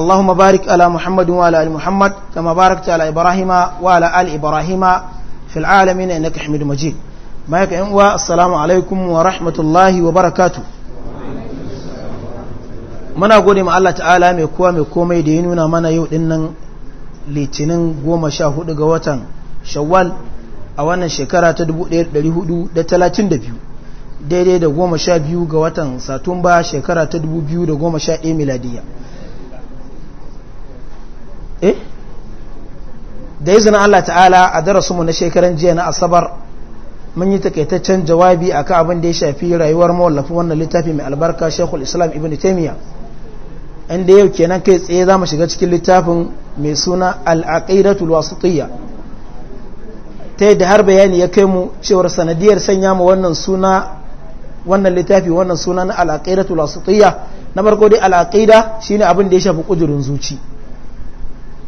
اللهم بارك على محمد وعلى آل محمد كما باركت على إبراهيم وعلى آل إبراهيم في العالمين إنك حميد مجيد معك أنواع السلام عليكم ورحمة الله وبركاته muna gode ma Allah ta'ala mai kowa mai komai da ya nuna mana yau din litinin goma sha hudu ga watan shawwal a wannan shekara ta 1432 daidai da goma sha biyu ga watan satumba shekara ta 2011 miladiyya da izinin Allah ta'ala a darasinmu na shekaran jiya na asabar mun yi takaitaccen jawabi a ka abin da ya shafi rayuwar mawallafi wannan littafi mai albarka shekul islam ibn taimiyya inda yau kenan kai tsaye za mu shiga cikin littafin mai suna wasu wasitiyya ta yadda har bayani ya kai mu cewar sanadiyar sanya mu wannan suna wannan littafi wannan suna na al'aqidatul wasitiyya na farko dai al'aqida shine abin da ya shafi kudurin zuci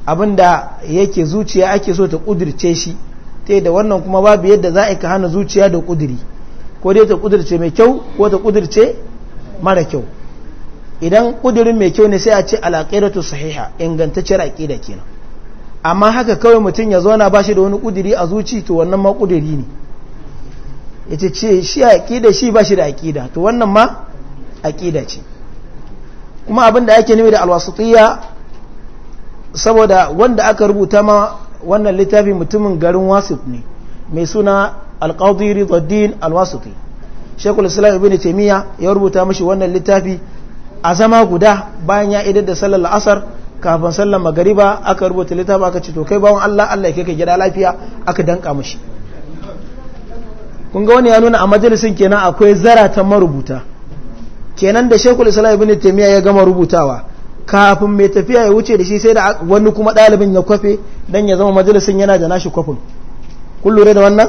abinda yake zuciya ake so ta kudirce shi ta da wannan kuma babu yadda za a ka hana zuciya da kudiri ko dai ta kudirce mai kyau ko ta kudirce mara kyau idan kudirin mai kyau ne sai a ce ta sahiha ingantacciyar aƙida kenan amma haka kawai mutum ya zauna ba shi da wani kudiri a zuci to wannan ma kudiri ne ita ce shi aƙida shi ba shi da aƙida to wannan ma aƙida ce kuma abin da ake nufi da alwasatiyya saboda wanda aka rubuta ma wannan littafi mutumin garin wasif ne mai suna alƙaudiri zaddin alwasuti shekul islam ibn taimiyya ya rubuta mashi wannan littafi a zama guda bayan ya idar da sallar la'asar kafin sallar magariba aka rubuta littafi aka ce to kai bawan allah allah ya kai gida lafiya aka danka mashi kun ga wani ya nuna a majalisin kenan akwai zara ta marubuta kenan da shekul islam ibn taimiyya ya gama rubutawa kafin mai tafiya ya wuce da shi sai da wani kuma ɗalibin ya kwafe don ya zama majalisin yana da nashi kwafin kullure da wannan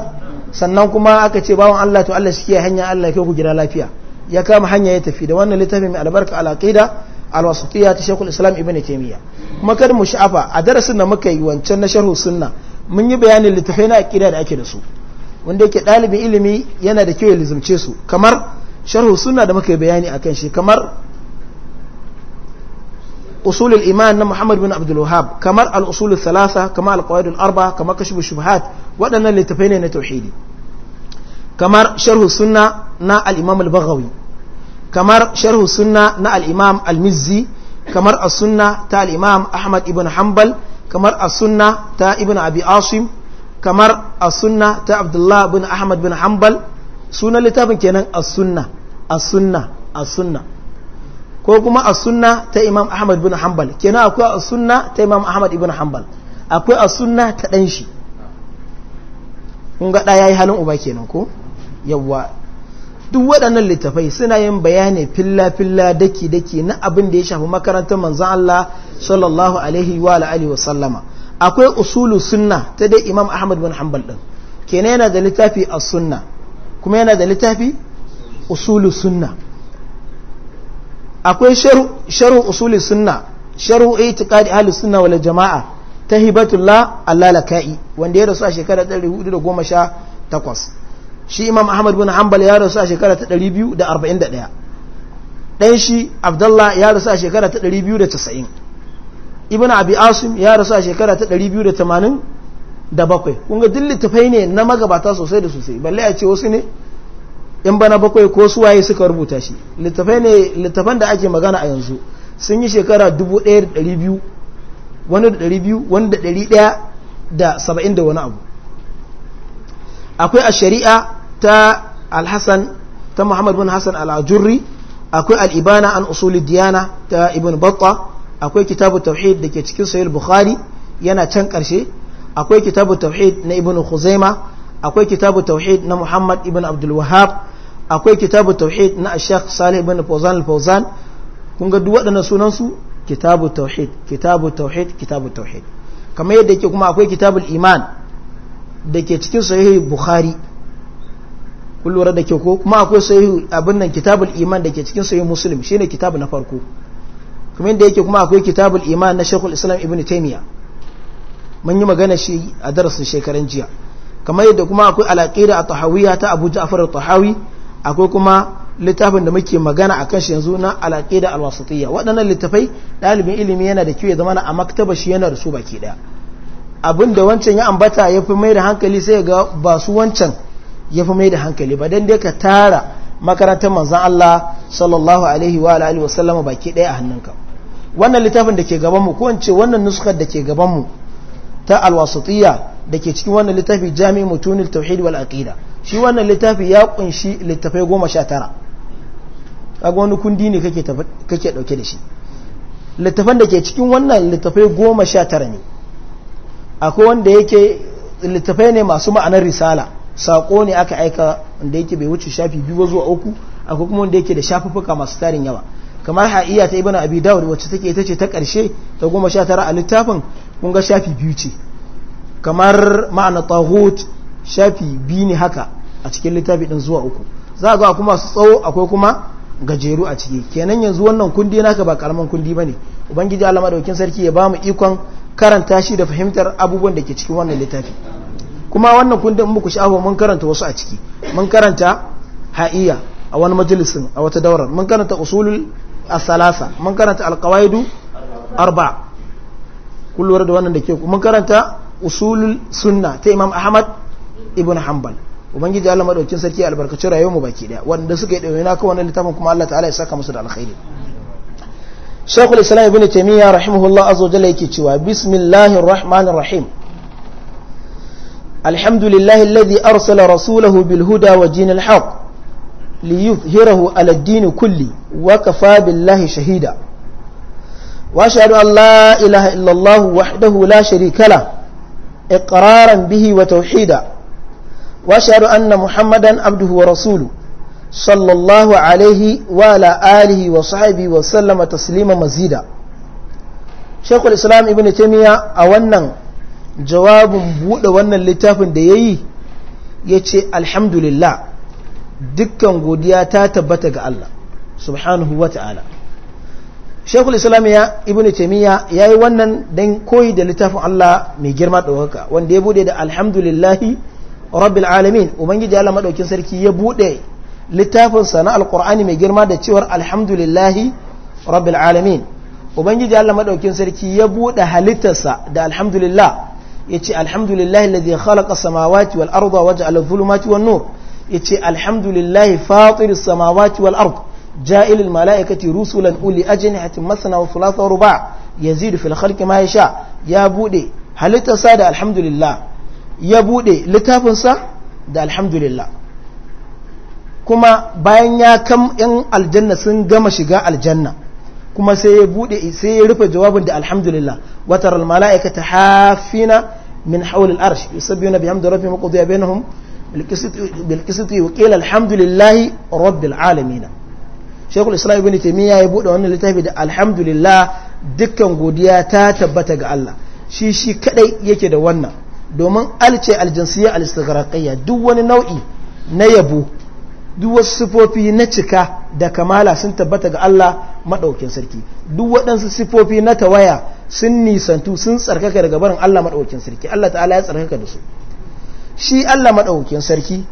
sannan kuma aka ce bawon Allah to Allah shi hanya Allah kai ku gida lafiya ya kama hanya ya tafi da wannan littafin mai albarka alaƙida alwasuƙiya ta shekul Islam Ibn taimiyya kuma kada mu sha'afa a darasin da muka yi wancan na sharhu sunna mun yi bayanin littafai na aƙida da ake da su wanda yake ɗalibin ilimi yana da kyau ya lizumce su kamar sharhu sunna da muka yi bayani akan shi kamar usul al-iman na Muhammad bin Abdul kamar al-usul al-thalatha kamar al arba kamar kashf shubuhat waɗannan littafai ne na tauhidi kamar sharh sunna na al-imam kamar sharh sunna na al-imam al-mizzi kamar as-sunna ta al Ahmad ibn hambal kamar as-sunna ta ibn Abi kamar as-sunna ta Abdullah bin Ahmad bin hambal sunan littafin kenan as-sunna as-sunna sunna ko kuma a sunna ta imam ahmad ibn hanbal kenan akwai a sunna ta imam ahmad ibn hanbal akwai a sunna ta dan shi kun ga ya yi halin uba kenan ko yawa duk waɗannan littafai suna yin bayani filla-filla daki-daki na abin da ya shafi makarantar manzon Allah sallallahu alaihi wa alihi wa sallama akwai usulu sunna ta dai imam ahmad bin hanbal din kenan yana da littafi as sunna kuma yana da littafi usulu sunna akwai sharu usuli sunna sharu itiqadi ahli sunna wal jama'a ta hibatullah laka'i wanda ya rasu a shekara 418 shi imam ahmad bin hanbal ya rasu a shekara ta 241 dan shi abdullah ya rasu a shekara ta 290 ibn abi asim ya rasu a shekara ta 287 kun ga duk littafai ne na magabata sosai da sosai balle a ce wasu ne in bana bakwai ko suwaye suka rubuta shi littafan da ake magana a yanzu sun yi shekara 1200 wani da 200 wani da 100 da 70 da wani abu akwai a shari'a ta alhassan ta muhammad bin hassan al'ajurri akwai al-ibana an usuli diyana ta ibn batta akwai kitabu tauhid da ke cikin sayil bukhari yana can ƙarshe akwai kitabu tauhid na ibn khuzaima akwai kitabu tauhid na muhammad ibn abdul wahab akwai kitabu tauhid na ashek salih ibn fauzan al-fawzan kun ga duk waɗannan sunan su kitabu tauhid kitabu tauhid kitabu tauhid kamar yadda yake kuma akwai kitabul iman da ke cikin sahihi bukhari kun lura da ke ko kuma akwai sahihi abin nan kitabul iman da ke cikin sahihi muslim shine kitabu na farko kamar yadda yake kuma akwai kitabul iman na shekul islam ibn taymiya mun yi magana shi a darasin shekaran jiya kamar yadda kuma akwai alaƙira a tahawiyya ta abu ja'far tahawi akwai kuma littafin da muke magana a kan shi yanzu na alaƙida alwasatiyya waɗannan littafai ɗalibin ilimi yana da kyau ya zama a maktaba shi yana da su baki ɗaya abin da wancan ya ambata ya fi mai da hankali sai ga ba su wancan ya fi mai da hankali ba dan dai ka tara makarantar manzan Allah sallallahu alaihi wa alihi wa sallama baki ɗaya a hannunka wannan littafin da ke gaban mu ko in wannan nuskar da ke gaban mu ta alwasatiyya da ke cikin wannan littafi jami mutunil tauhid wal aqida shi wannan littafi ya kunshi littafai goma sha tara kaga wani kundi ne kake kake dauke da shi littafan da ke cikin wannan littafai goma sha tara ne akwai wanda yake littafai ne masu ma'anar risala sako ne aka aika wanda yake bai wuce shafi biyu zuwa uku akwai kuma wanda yake da shafuffuka masu tarin yawa kamar ha'iya ta ibnu abi dawud wacce take ita ce ta karshe ta goma sha tara a littafin kun ga shafi biyu ce kamar ma'ana tahut shafi biyu ne haka a cikin littafi ɗin zuwa uku za a ga kuma su tsawo akwai kuma gajeru a ciki kenan yanzu wannan kundi naka ba karaman kundi ne ubangiji Allah daukin sarki ya bamu ikon karanta shi da fahimtar abubuwan da ke cikin wannan littafi kuma wannan kundin muku sha'awa mun karanta wasu a ciki mun karanta ha'iya a wani majalisin a wata daurar mun karanta usulul asalasa mun karanta alqawaidu arba kullum da wannan da ke mun karanta usulul sunna ta imam ahmad ibn hanbal ubangiji Allah madaukin sarki albarkacin rayuwar mu baki daya wanda suka yi dawaina kan wannan littafin kuma Allah ta'ala ya saka musu da alkhairi Shaykhul Islam Ibn Taymiyyah rahimahullah azza wa jalla yake cewa bismillahir rahmanir rahim alhamdulillahi alladhi arsala rasulahu bil huda wa dinil haqq liyuzhirahu ala ad-din kulli wa kafa billahi shahida wa ان لا اله wahdahu الله وحده لا اقرارا به وتوحيدا واشهد أن محمدا عبده ورسوله صلى الله عليه وعلى آله وصحبه وسلم تسليما مزيدا شيخ الإسلام ابن تيمية أولا جواب بود وانا اللي تافن ديي يتي الحمد لله دكا وديا تاتبتك الله سبحانه وتعالى shekul islam ya ibnu taimiyya ya yi wannan don koyi da littafin allah mai girma ɗaukaka wanda ya bude da alhamdulillahi rabbil alamin ubangiji allah maɗaukin sarki ya bude littafin na alkur'ani mai girma da cewar alhamdulillahi rabbil alamin ubangiji allah maɗaukin sarki ya buɗe halittarsa da alhamdulillah ya ce alhamdulillahi ladhi khalaqa samawati wal arda wa ja'ala dhulumati wan nur ya ce alhamdulillahi fatiris samawati wal arda جائل الملائكة رسلا أولي أجنحة مثنى وثلاثة ورباع يزيد في الخلق ما يشاء يا بودي هل تساد da لله يا بودي لتافنسا ده الحمد لله kuma bayan ya kam yan aljanna sun gama shiga aljanna kuma sai ya bude sai ya rufe jawabin da alhamdulillah wa taral malaikata hafina min hawl al-arsh yusabbihuna bihamdi rabbihim wa qudiya bainahum bil qisti wa qila alhamdulillahi rabbil alamin shekul islam ibn taimiyya ya buɗe wannan littafi da alhamdulillah dukkan godiya ta tabbata ga Allah shi shi kadai yake da wannan domin alce aljinsiyya alistigaraqiyya duk wani nau'i na yabo duk wasu sifofi na cika da kamala sun tabbata ga Allah maɗaukin sarki duk waɗansu sifofi na tawaya sun nisantu sun tsarkaka daga barin Allah maɗaukin sarki Allah ta'ala ya tsarkaka da su shi Allah maɗaukin sarki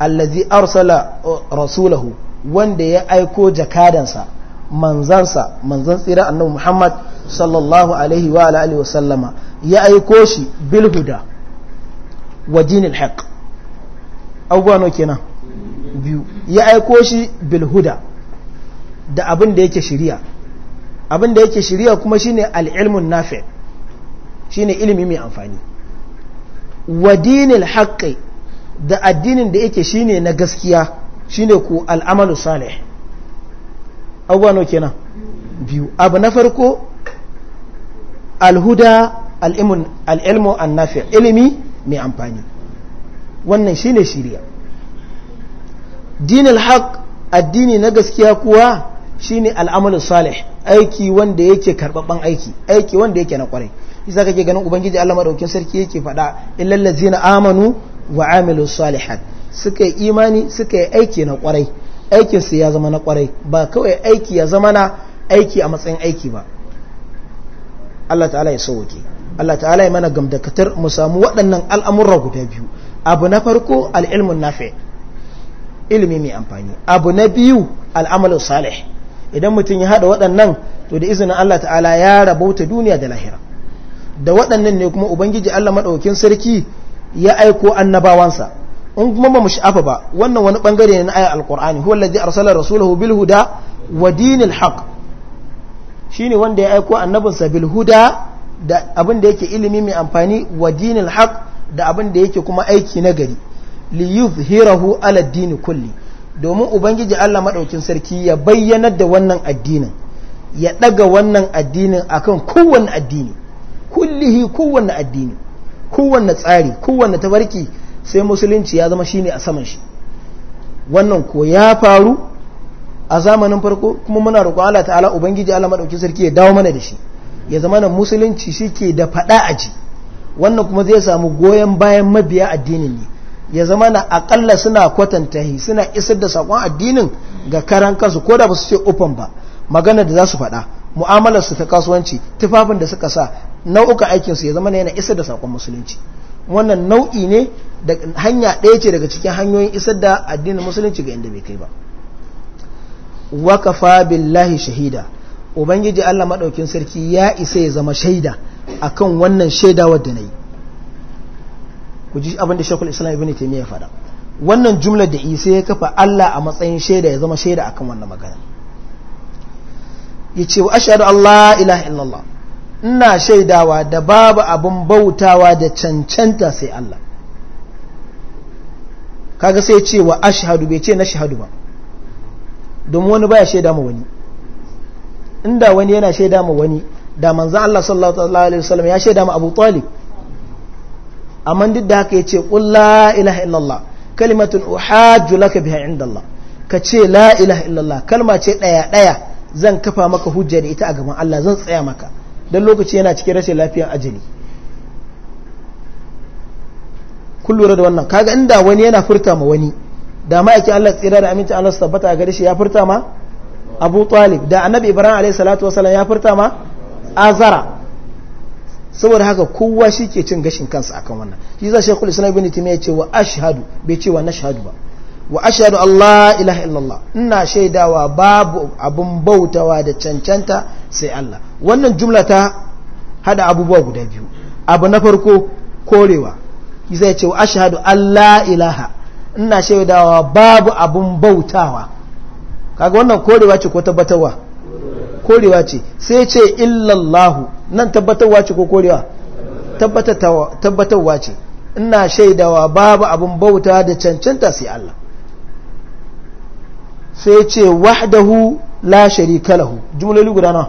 allazi arsala uh, rasulahu wanda ya aiko jakadansa manzansa manzan tsira annabi Muhammad sallallahu alaihi wa alihi wa sallama ya aiko shi bil huda wa dinil haqq abubuwa no kenan biyu ya aiko shi bil huda da abin da yake shiriya abin da yake shiriya kuma shine al-ilmun nafi shine ilimi mai amfani wa dinil haqqi da addinin da yake shine na gaskiya shine ku al'amalu salih abubuwa nau kenan biyu abu na farko alhuda al'ilmu annafi ilimi mai amfani wannan shine shirya dinil haq addini na gaskiya kuwa shine al'amalu salih aiki wanda yake karbabban aiki aiki wanda yake na kwarai isa kake ganin ubangiji Allah madaukin sarki yake faɗa illal ladzina amanu wa amilu salihat suka yi imani suka yi aiki na kwarai aikinsu ya zama na kwarai ba kawai aiki ya zama na aiki a matsayin aiki ba Allah ta'ala ya sauke Allah ta'ala ya mana gamdakatar mu samu waɗannan al'amurra guda biyu abu na farko al'ilmun nafe ilimi mai amfani abu na biyu al'amalin salih idan mutum ya haɗa waɗannan to da izinin Allah ta'ala ya rabauta duniya da lahira da waɗannan ne kuma ubangiji Allah maɗaukin sarki ya aiko annabawansa in kuma ba mu sha'afa ba wannan wani bangare ne na ayar alkur'ani huwa allazi arsala rasulahu bil huda wa dinil haq shine wanda ya aiko annabinsa bil huda da abin da yake ilimi mai amfani wa dinil haq da abin da yake kuma aiki na gari li yuzhirahu ala dini kulli domin ubangiji Allah madaukin sarki ya bayyanar da wannan addinin ya daga wannan addinin akan kowanne addini kullihi kowanne addini kowanne tsari kowanne tabarki sai musulunci ya zama shine a saman shi wannan ko ya faru a zamanin farko kuma muna roƙon Allah ta'ala ubangiji Allah madauki sarki ya dawo mana da shi ya zama nan musulunci shike da fada a ji wannan kuma zai samu goyon bayan mabiya addinin ne ya zama na akalla suna kwatanta hi suna isar da sakon addinin ga karan kansu ko da ba su ce open ba magana da za su faɗa mu'amalar su ta kasuwanci tufafin da suka sa nau'uka aikinsu ya zama na yana isar da sakon musulunci wannan nau'i ne da hanya ɗaya ce daga cikin hanyoyin isar da addinin musulunci ga inda bai kai ba wa kafa billahi shahida ubangiji Allah maɗaukin sarki ya isa ya zama shaida akan wannan shaida wadda na yi ku ji abin da shekul islam ibn faɗa wannan jumla da isa ya kafa Allah a matsayin shaida ya zama shaida akan wannan magana yace ce ashhadu an Allah ilaha illallah ina shaidawa da babu abin bautawa da cancanta sai Allah kaga sai ce wa ashhadu bai ce na shahadu ba domin wani baya shaida ma wani inda wani yana shaida ma wani da manzo Allah sallallahu alaihi wasallam ya shaida ma Abu Talib amma duk da haka yace qul la ilaha illallah kalimatun uhajju laka biha inda Allah ka ce la ilaha illallah kalma ce daya daya zan kafa maka hujja da ita a gaban Allah zan tsaya maka don lokaci yana cikin rashin lafiyar ajali kun lura da wannan kaga inda wani yana furta ma wani da ma'aikin Allah tsira da amincin Allah su tabbata a gare shi ya furta ma Abu Talib da Annabi Ibrahim alayhi salatu wasallam ya furta ma Azara saboda haka kowa shi ke cin gashin kansa akan wannan shi yasa Sheikhul Islam Ibn Taymiyyah ya ce wa ashhadu bai ce wa nashhadu ba wa ashadu Allah ilaha illallah ina shaidawa babu abun bautawa da cancanta sai Allah wannan jumla ta hada abubuwa guda biyu abu na farko korewa zai ce wa ashadu Allah ilaha ina shaidawa babu abun bautawa kaga wannan korewa ce ko tabbatarwa korewa ce sai ce illallahu nan tabbatarwa ce ko korewa tabbatarwa ce ina shaidawa babu abun bauta da cancanta sai Allah sai ce wahdahu la sharika lahu jumloli guda na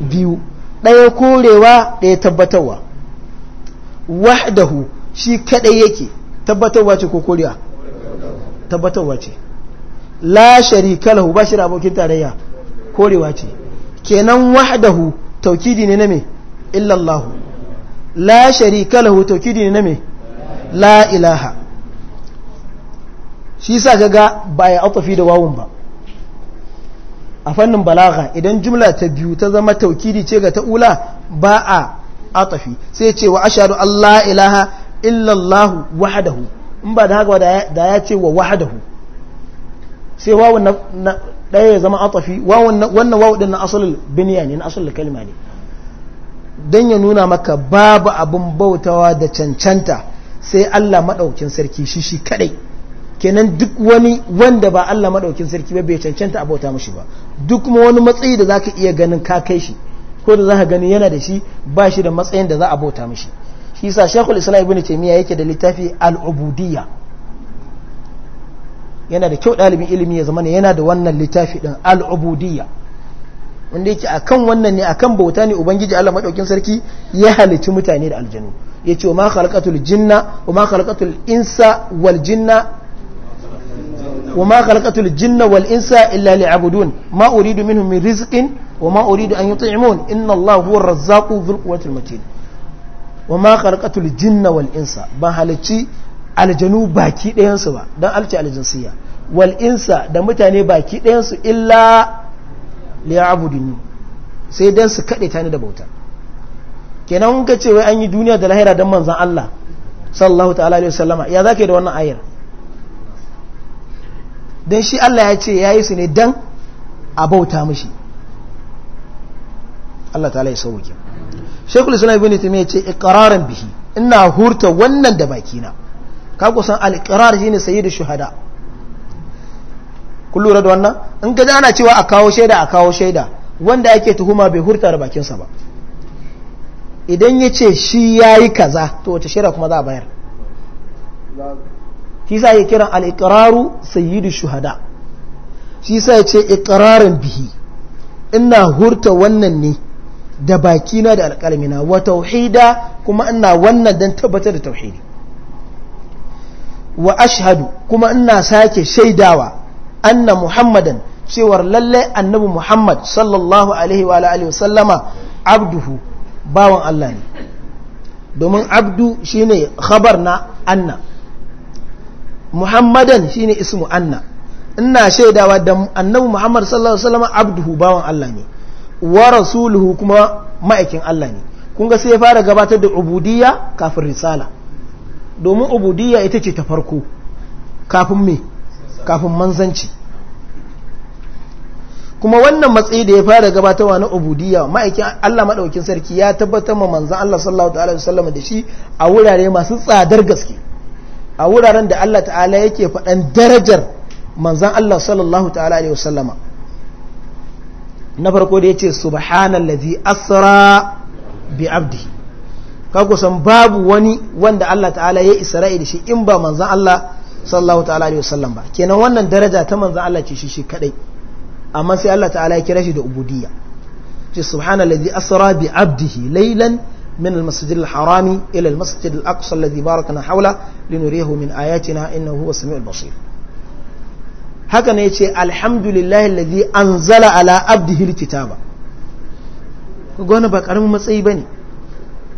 biyu ɗaya korewa ɗaya tabbatarwa wahdahu shi kadai yake tabbatarwa ce ko korewa tabbatarwa ce la sharika lahu ba shi da abokin tarayya korewa ce kenan wahdahu taukidi ne na me illallahu la sharika lahu taukidi ne na me la ilaha shi sa ga ba ya atafi da wawun ba a fannin balaga idan jumla ta biyu ta zama taukidi ce ga ta'ula ba a atafi sai ce wa ashadu Allah ilaha illallahu wahadahu in ba da haka da ya ce wa wahadahu sai wawun na ɗaya ya zama atafi wannan wawun din na asalin biniya ne na asalin kalima ne don ya nuna maka babu abin bautawa da cancanta sai Allah maɗaukin sarki shi shi kaɗai kenan duk wani wanda ba Allah madaukin sarki ba bai cancanta a bauta ba duk kuma wani matsayi da zaka iya ganin ka kai shi ko da zaka gani yana da shi ba shi da matsayin da za a bauta mashi. shi sa Sheikhul Islam Ibn Taymiyyah yake da littafi al-ubudiyya yana da kyau ɗalibin ilimi ya zama ne yana da wannan littafi din al-ubudiyya wanda yake akan wannan ne akan bauta ne ubangiji Allah madaukin sarki ya halici mutane da aljanu yace wa ma khalaqatul jinna wa ma khalaqatul insa wal jinna وما خلقت الجن والإنس إلا لعبدون ما أريد منهم من رزق وما أريد أن يطعمون إن الله هو الرزاق ذو القوة المتين وما خلقت الجن والإنس ما هلتي aljanu baki ɗayansu ba don alci aljinsiya wal insa da mutane baki ɗayansu illa liya'buduni sai dan su kaɗe ta da bauta kenan kun ce wai an yi duniya da lahira don manzan Allah sallallahu ta'ala alaihi wasallama ya zaka yi da wannan ayar don shi Allah ya ce ya yi su ne don a bauta mashi Allah ta ya sauwake shekul islam ibn tumi ya ce ikirarin bihi ina hurta wannan da bakina ka kusan al'ikirar shi ne sayi da shuhada kun lura da wannan in ka ana cewa a kawo shaida a kawo shaida wanda ake tuhuma bai hurta da bakinsa ba idan ya ce shi ya yi kaza to wace shaida kuma za a bayar shi sa ya kiran al sayyidu shuhada shi sa ya ce iqrarin bihi ina hurta wannan ne da bakina da alƙalmina wa tauhida kuma ina wannan don tabbatar da tauhidi wa ashhadu kuma ina sake shaidawa anna muhammadan cewar lalle annabi muhammad sallallahu alaihi wa alihi wa abduhu bawan Allah ne domin abdu shine khabar na anna muhammadan shine ismu anna ina shaidawa da annabu muhammad sallallahu alaihi wasallam abduhu bawan Allah ne wa rasuluhu kuma ma'aikin Allah ne kun ga sai ya fara gabatar da ubudiyya kafin risala domin ubudiyya ita ce ta farko kafin me kafin manzanci kuma wannan matsayi da ya fara gabatarwa na ubudiyya ma'aikin Allah maɗaukin sarki ya tabbatar ma manzan Allah sallallahu alaihi wasallam da shi a wurare masu tsadar gaske a wuraren da Allah ta'ala yake faɗan darajar manzan Allah sallallahu ta'ala alaihi wasallama na farko da ya ce subhanallazi asra bi abdi kaku san babu wani wanda Allah ta'ala ya isra'i da shi in ba manzan Allah sallallahu ta'ala alaihi wasallam ba kenan wannan daraja ta manzan Allah ce shi shi kadai amma sai Allah ta'ala ya kira shi da ubudiyya ce subhanallazi asra bi abdihi laylan من المسجد الحرام إلى المسجد الأقصى الذي باركنا حوله لنريه من آياتنا إنه هو السميع البصير هكذا يتي الحمد لله الذي أنزل على عبده الكتاب كقولنا بكرم مسيبني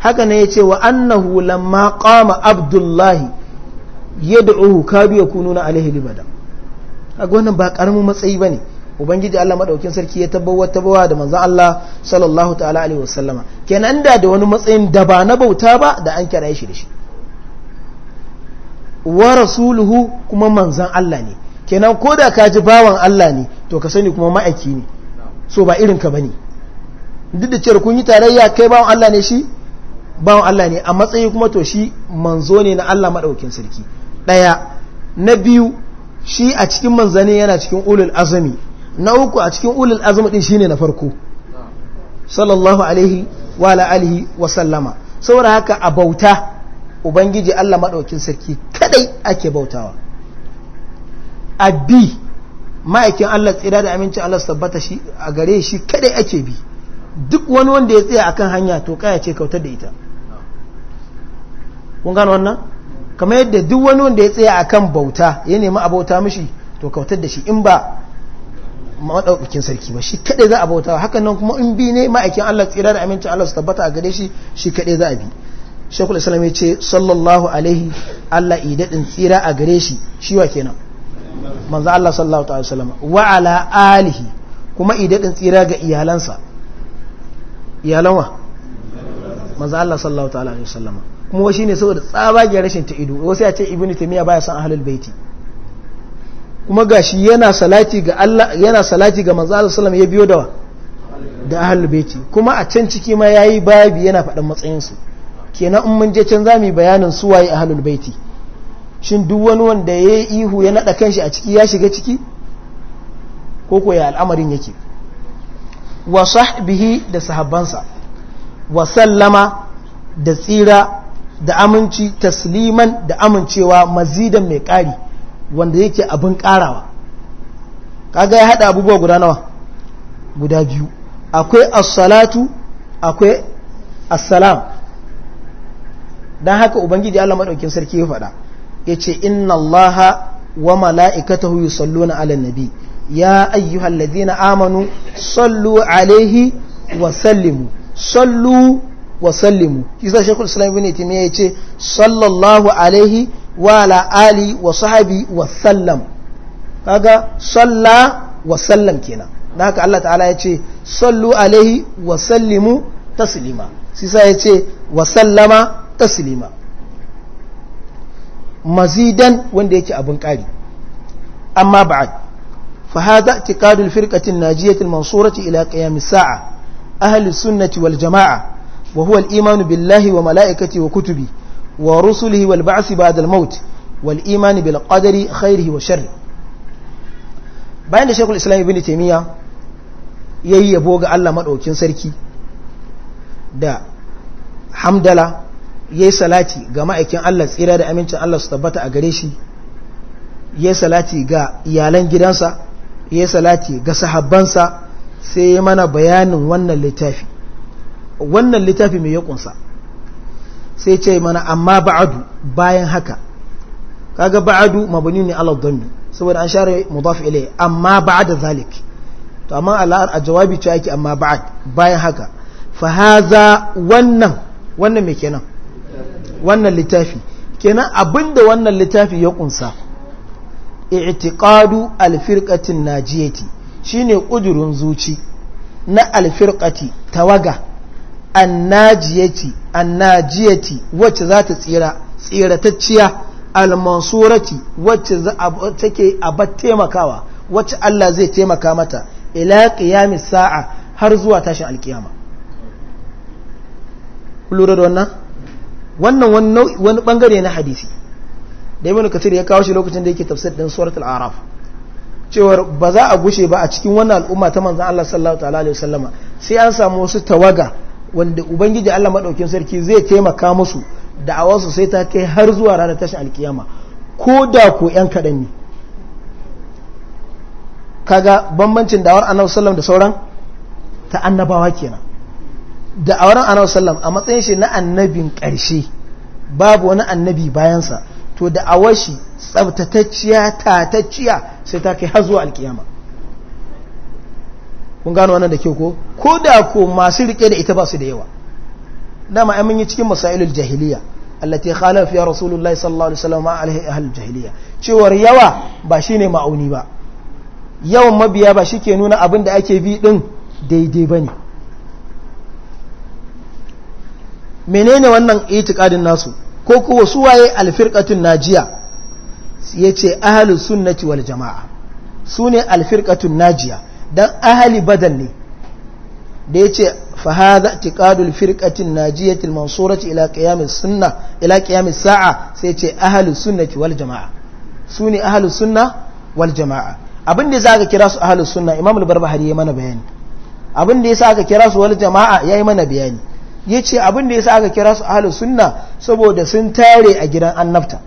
هكذا يتي وأنه لما قام عبد الله يدعوه كاد يكونون عليه لبدا كقولنا بكرم مسيبني ubangiji Allah madaukin sarki ya tabbawa tabbawa da manzon Allah sallallahu ta'ala alaihi wasallama kenan da da wani matsayin da ba na bauta ba da an kira shi da shi wa rasuluhu kuma manzon Allah ne kenan ko da ka ji bawan Allah ne to ka sani kuma ma'aiki ne so ba irin ka bane duk da cewa kun yi tarayya kai bawan Allah ne shi bawan Allah ne a matsayi kuma to shi manzo ne na Allah madaukin sarki daya na biyu shi a cikin manzani yana cikin ulul azami na uku a cikin ulul azumi din shine na farko sallallahu alaihi wa ala alihi wa sallama saboda haka a bauta ubangiji Allah madaukin sarki kadai ake bautawa a bi ma'aikin Allah tsira da amincin Allah tabbata shi a gare shi kadai ake bi duk wani wanda ya tsaya akan hanya to kaya ce kautar da ita kun gano wannan kamar yadda duk wani wanda ya tsaya akan bauta ya nemi a bauta mishi to kautar da shi in ba maɗaukakin sarki ba shi kaɗai za a bauta hakan nan kuma in bi ne ma'aikin Allah tsira da amincin Allah su tabbata a gare shi shi kaɗai za a bi shekul islam ya ce sallallahu alaihi Allah idadin tsira a gare shi shi wa kenan manzo Allah sallallahu ta'ala sallama wa ala alihi kuma idadin tsira ga iyalansa iyalan wa manzo Allah sallallahu ta'ala alaihi sallama kuma shi ne saboda tsabagen rashin ta ido wasu ya ce ibnu taymiya baya san ahlul baiti kuma gashi yana salati ga Allah yana salati ga manzo Allah sallallahu ya biyo da da ahlul baiti kuma a can ciki ma yayi babi yana faɗan matsayin su kenan in mun je can zamu bayanin su waye ahlul baiti shin duk wani wanda yayi ihu ya nada kanshi a ciki ya shiga ciki ko ko ya al'amarin yake wa sahbihi da sahabbansa wa sallama da tsira da aminci tasliman da amincewa mazidan mai ƙari wanda yake abin karawa kaga ya hada abubuwa guda nawa guda biyu akwai as-salatu akwai as-salam dan haka ubangiji Allah madaukakin sarki ya faɗa yace inna allaha wa mala'ikatahu yusalluna ala nabi ya ayyuhalladhina amanu sallu 'alaihi wa sallimu sallu wa sallimu isa shaykhul islam ibn taymiyyah yace sallallahu 'alaihi wala ali wa sahabi wa sallam kaga salla wa sallam kenan da haka Allah ta'ala ya ce sallu alaihi wa sallimu taslima sisa ya ce wa sallama taslima mazidan wanda yake abin ƙari amma ba'ad fa hada i'tiqadul firqatin najiyatil mansurati ila qiyam as-sa'a ahli sunnati wal jama'a wa huwa al-iman billahi wa malaikati wa kutubi ورسله والبعث بعد الموت والإيمان بالقدر خيره وشره bayan da shekul islam ibn taimiyya ya yi yabo ga allah maɗaukin sarki da hamdala ya yi salati ga ma'aikin allah tsira da amincin allah su tabbata a gare shi ya yi salati ga iyalan gidansa ya yi salati ga sahabbansa sai ya mana bayanin wannan littafi wannan littafi mai ya sai ce mana amma ba'adu bayan haka kaga ba'adu mabani ne ala dhanni saboda an share mudaf ilay amma ba'da zalik to amma al'ar a jawabi ce yake amma ba'ad bayan haka fa haza wannan wannan me kenan wannan littafi kenan abinda wannan littafi ya kunsa i'tiqadu al-firqatin najiyati shine kudurun zuci na al-firqati tawaga an-najiyati annajiyati wacce za ta tsira tsiratacciya almansurati wacce take abar taimakawa wacce Allah zai taimaka mata ila qiyamis sa'a har zuwa tashin alkiyama lura da wannan wannan wani bangare na hadisi da ibn kathir ya kawo shi lokacin da yake tafsir din suratul araf cewar ba za a gushe ba a cikin wannan al'umma ta manzon Allah sallallahu alaihi wasallama sai an samu wasu tawaga wanda ubangiji Allah madaukin sarki zai taimaka musu da'awarsu sai ta kai har zuwa ranar tashin alkiyama ko da ko yan kaɗan ne kaga bambancin da'awar annabi sallam da sauran ta annabawa kenan da'awar annabi sallam a matsayin shi na annabin ƙarshe babu wani annabi bayansa to da'awar shi tsabtatacciya tatacciya sai ta kai har zuwa alkiyama kun gano wannan da kyau ko ko da ko masu rike da ita ba su da yawa dama ai mun yi cikin masailul jahiliya allati khalaf ya rasulullahi sallallahu alaihi wasallam alaihi ahlul jahiliya cewar yawa ba shine ma'auni ba yawan mabiya ba shike nuna abin da ake bi din daidai bane menene wannan itikadin nasu ko ko wasu waye alfirqatun najiya yace ahlus sunnati wal jamaa sune alfirqatun najiya don ahali badal ne da ya ce fahaza tiƙadul firƙatin najiyatil mansurati ila ƙiyamis ila ƙiyamis sa'a sai ce suna ki wal jama'a su ne ahali sunna wal jama'a abin da sa aka kira su ahali sunna imam al-barbahari ya mana bayani abin da ya sa aka kira su wal jama'a ya yi mana bayani ya ce abin da ya sa aka kira su ahali sunna saboda sun tare a gidan annabta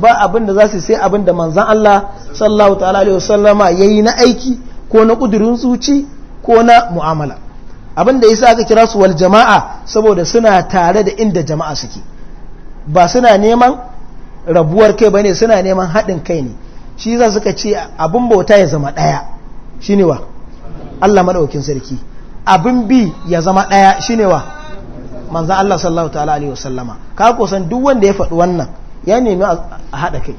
ba abin da za su sai abin da manzan Allah sallallahu ta'ala alaihi wasallama ya yi na aiki ko na ƙudurin zuci ko na mu'amala abin da yasa aka kira su wal jama'a saboda suna tare da inda jama'a suke ba suna neman rabuwar kai ba ne suna neman haɗin kai ne shi za suka ce abin bauta ya zama ɗaya shine wa Allah maɗaukin sarki abin bi ya zama ɗaya shine wa manzan Allah sallallahu ta'ala alaihi wasallama ka duk wanda ya faɗi wannan ya nemi a haɗa kai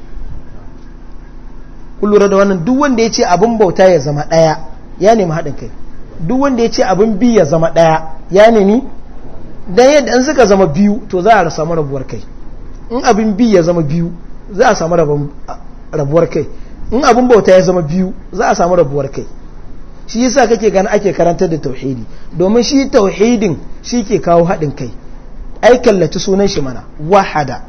kun lura da wannan duk wanda ya ce abin bauta ya zama ɗaya ya nemi haɗin kai duk wanda ya ce abin bi ya zama ɗaya ya nemi dan yadda an suka zama biyu to za a samu rabuwar kai in abin bi ya zama biyu za a samu rabuwar kai in abin bauta ya zama biyu za a samu rabuwar kai shi yasa kake gani ake karantar da tauhidi domin shi tauhidin shi ke kawo haɗin kai ai kallaci sunan shi mana wahada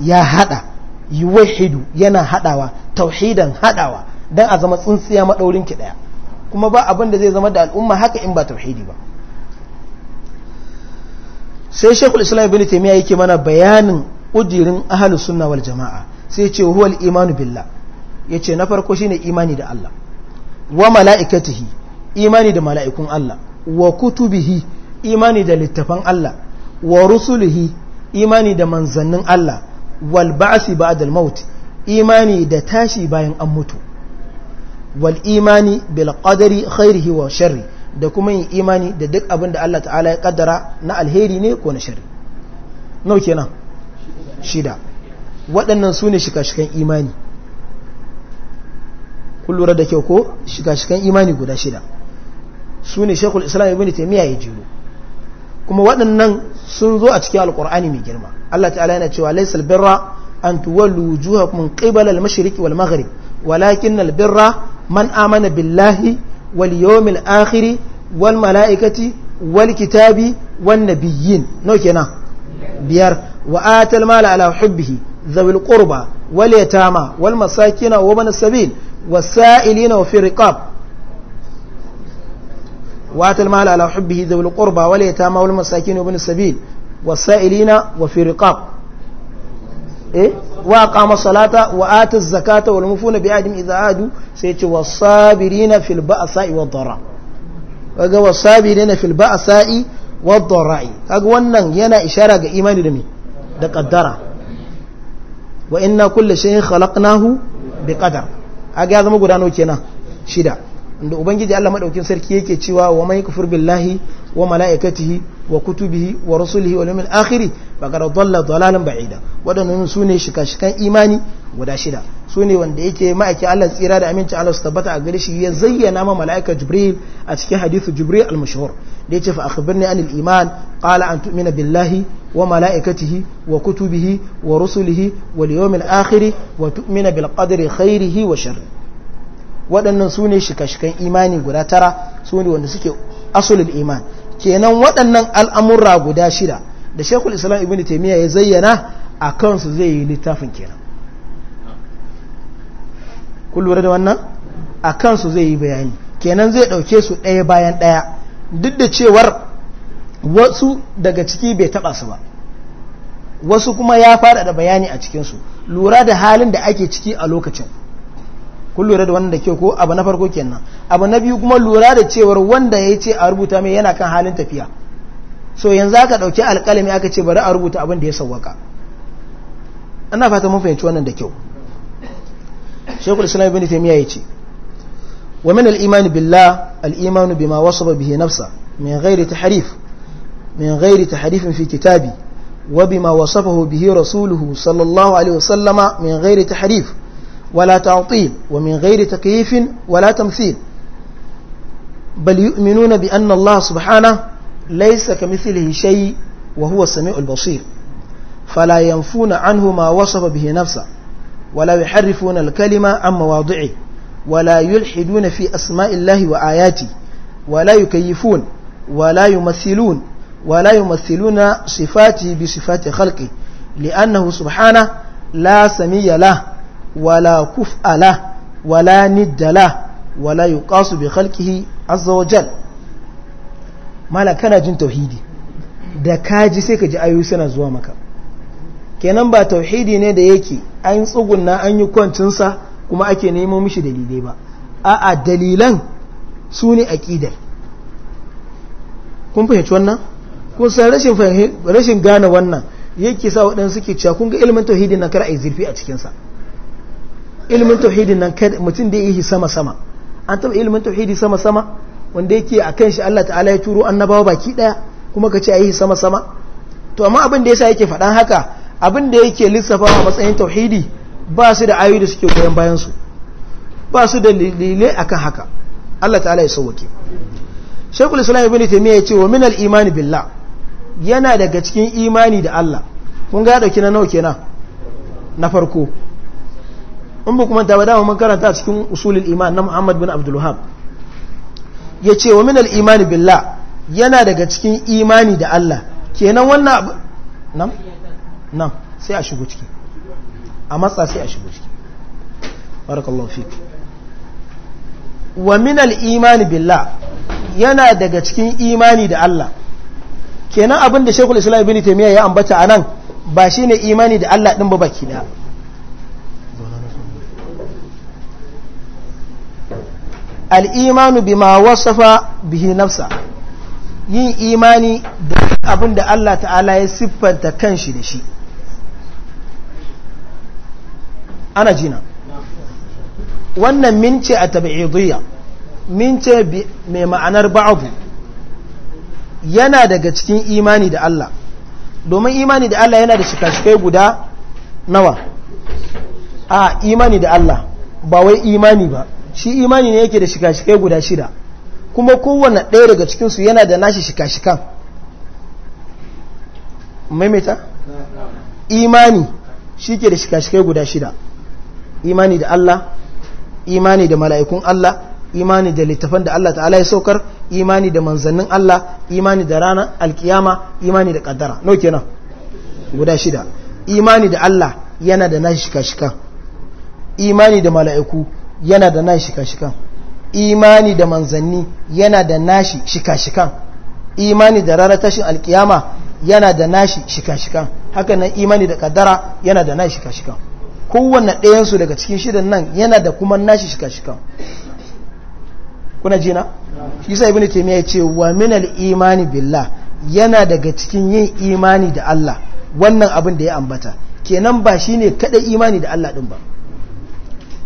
ya haɗa Yi wahidu yana haɗawa tauhidan haɗawa don a zama tsintsiya maɗaurinki ki ɗaya kuma ba abin da zai zama da al'umma haka in ba tauhidi ba sai shekul islam ibn taimiyya yake mana bayanin ujirin ahalus sunna wal jamaa sai ce huwal imanu billah ce na farko shine imani da Allah wa mala'ikatihi imani da mala'ikun Allah wa kutubihi imani da littafan Allah wa rusulihi imani da manzannin Allah wal ba'si da maut imani da tashi bayan an mutu wal imani bil qadari khairihi wa sharri da kuma yin imani da duk abin da Allah ta'ala ya kaddara na alheri ne ko na sharri nau kenan shida waɗannan su ne shika-shikan imani kun da kyau ko shika-shikan imani guda shida su ne shekul islam ibn taimiyya ya jiro kuma waɗannan sun zo a cikin alƙur'ani mai girma Allah ta'ala yana cewa laysal birra an tuwallu wujuhakum qibala al-mashriqi wal maghrib walakin al-birra man amana billahi wal yawmil akhir wal malaikati wal kitabi wan nabiyyin no kenan biyar wa atal mala ala hubbihi zawil qurba wal yatama wal masakin wa man sabil والسائلين وفي الرقاب وآت المال على حبه ذوي القربى واليتامى والمساكين وابن السبيل wasa'ilina wa fi riqab eh wa qama salata zakata wal mufuna bi adim idza adu sai ya ce wasabirina fil ba'sa'i wad dara wasabirina fil ba'sa'i wad dara'i kaga wannan yana ishara ga imani da me da qaddara wa inna kulle shay'in khalaqnahu bi qadar kaga ya zama guda gudano kenan shida inda ubangiji Allah madaukin sarki yake cewa wa may kufur billahi wa malaikatihi wa kutubihi wa rusulihi wal yawmil akhir faqad dhalla dhalalan ba'ida wadannan sune shika-shikan imani guda shida sune wanda yake ma'aikin Allah tsira da aminci Allah su tabbata a gare shi ya zayyana ma malaika jibril a cikin hadithu jibril al-mashhur da yace fa akhbirni anil iman qala an tu'mina billahi wa malaikatihi wa kutubihi wa rusulihi wal yawmil akhir wa tu'mina bil qadri khairihi wa sharrihi waɗannan su ne shika-shikan imani guda tara su ne wanda suke asulul iman kenan waɗannan al'amurra guda shida da shekul islam ibn taimiyya ya zayyana a kansu zai yi littafin kenan kun lura da wannan a kansu zai yi bayani kenan zai ɗauke su ɗaya bayan ɗaya duk da cewar wasu daga ciki bai taɓa su ba wasu kuma ya faɗaɗa bayani a cikinsu lura da halin da ake ciki a lokacin kun lura da wannan da ko abu na farko kenan abu na biyu kuma lura da cewar wanda ya ce a rubuta mai yana kan halin tafiya so yanzu aka ɗauki alƙalami aka ce bari a rubuta abin da ya sawwaka ana fata mun fahimci wannan da kyau shekul islam ibn taymiya yace wa min al-iman billah al-iman bima wasaba bihi nafsa min ghairi tahrif min ghairi tahrif fi kitabi وبما وصفه به رسوله صلى الله عليه وسلم min غير تحريف ولا تعطيل ومن غير تكييف ولا تمثيل بل يؤمنون بأن الله سبحانه ليس كمثله شيء وهو السميع البصير فلا ينفون عنه ما وصف به نفسه ولا يحرفون الكلمة عن مواضعه ولا يلحدون في أسماء الله وآياته ولا يكيفون ولا يمثلون ولا يمثلون صفاته بصفات خلقه لأنه سبحانه لا سمي له wala kuf'ala wala niddala wala yuqasu bi khalqihi azza wa jal mala kana jin tauhidi da kaji sai ka ji ayoyi suna zuwa maka kenan ba tauhidi ne da yake an tsugunna an yi kwancinsa kuma ake nemo mishi dalilai ba a'a dalilan su ne kun fahimci wannan kun san rashin rashin gane wannan yake sa waɗansu ke cewa kun ga ilimin tauhidi na kar a yi zurfi a cikinsa ilimin tauhidin nan kai mutum da yi sama sama an taɓa ilimin tauhidi sama sama wanda yake a kan shi Allah ta'ala ya turo annabawa baki ɗaya kuma ka ce a yi sama sama to amma abin da yasa yake faɗan haka abin da yake lissafa a matsayin tauhidi ba su da ayoyi da suke goyon bayan su ba su da lile akan haka Allah ta'ala ya sauke Sheikhul Islam Ibn Taymiyyah ya wa minal iman billah yana daga cikin imani da Allah kun ga dauki na nawa kenan na farko in ba kuma ta ba dama mun karanta cikin usulul iman na Muhammad bin Abdul Wahhab yace wa min al iman billah yana daga cikin imani da Allah kenan wannan abu nan sai a shigo ciki a matsa sai a shigo ciki barakallahu fik wa min al iman billah yana daga cikin imani da Allah kenan abin da Sheikhul Islam Ibn Taymiyyah ya ambata anan ba shine imani da Allah din ba baki da al'imanu bima wasafa bihi nafsa yin imani da abin da Allah ta'ala ya siffanta shi da shi ana jina wannan mince a tabi'idiyya mince mai ma'anar ba'adu yana daga cikin imani da Allah domin imani da Allah yana da shika-shikai guda nawa a imani da Allah ba wai imani ba shi imani ne yake da shika-shikai guda shida kuma kowane ɗaya daga cikinsu yana da nashi shika-shikan maimaita imani shi ke da shika-shikai guda shida imani da Allah imani da mala'ikun Allah imani da littafan da Allah ta'ala ya saukar imani da manzannin Allah imani da rana alkiyama imani da kaddara no kenan guda shida imani da Allah yana da nashi shika-shikan imani da mala'iku yana da nashi shika-shikan imani da manzanni yana da nashi shika-shikan imani da ranar tashin alkiyama yana da nashi shika-shikan haka nan imani da kaddara yana da nashi shika-shikan kowanne ɗayansu daga cikin shirin nan yana da kuma nashi shika-shikan kuna jina shi sai ibnu taymiya ce wa min imani billah yana daga cikin yin imani da Allah wannan abin da ya ambata kenan ba shine kada imani da Allah din ba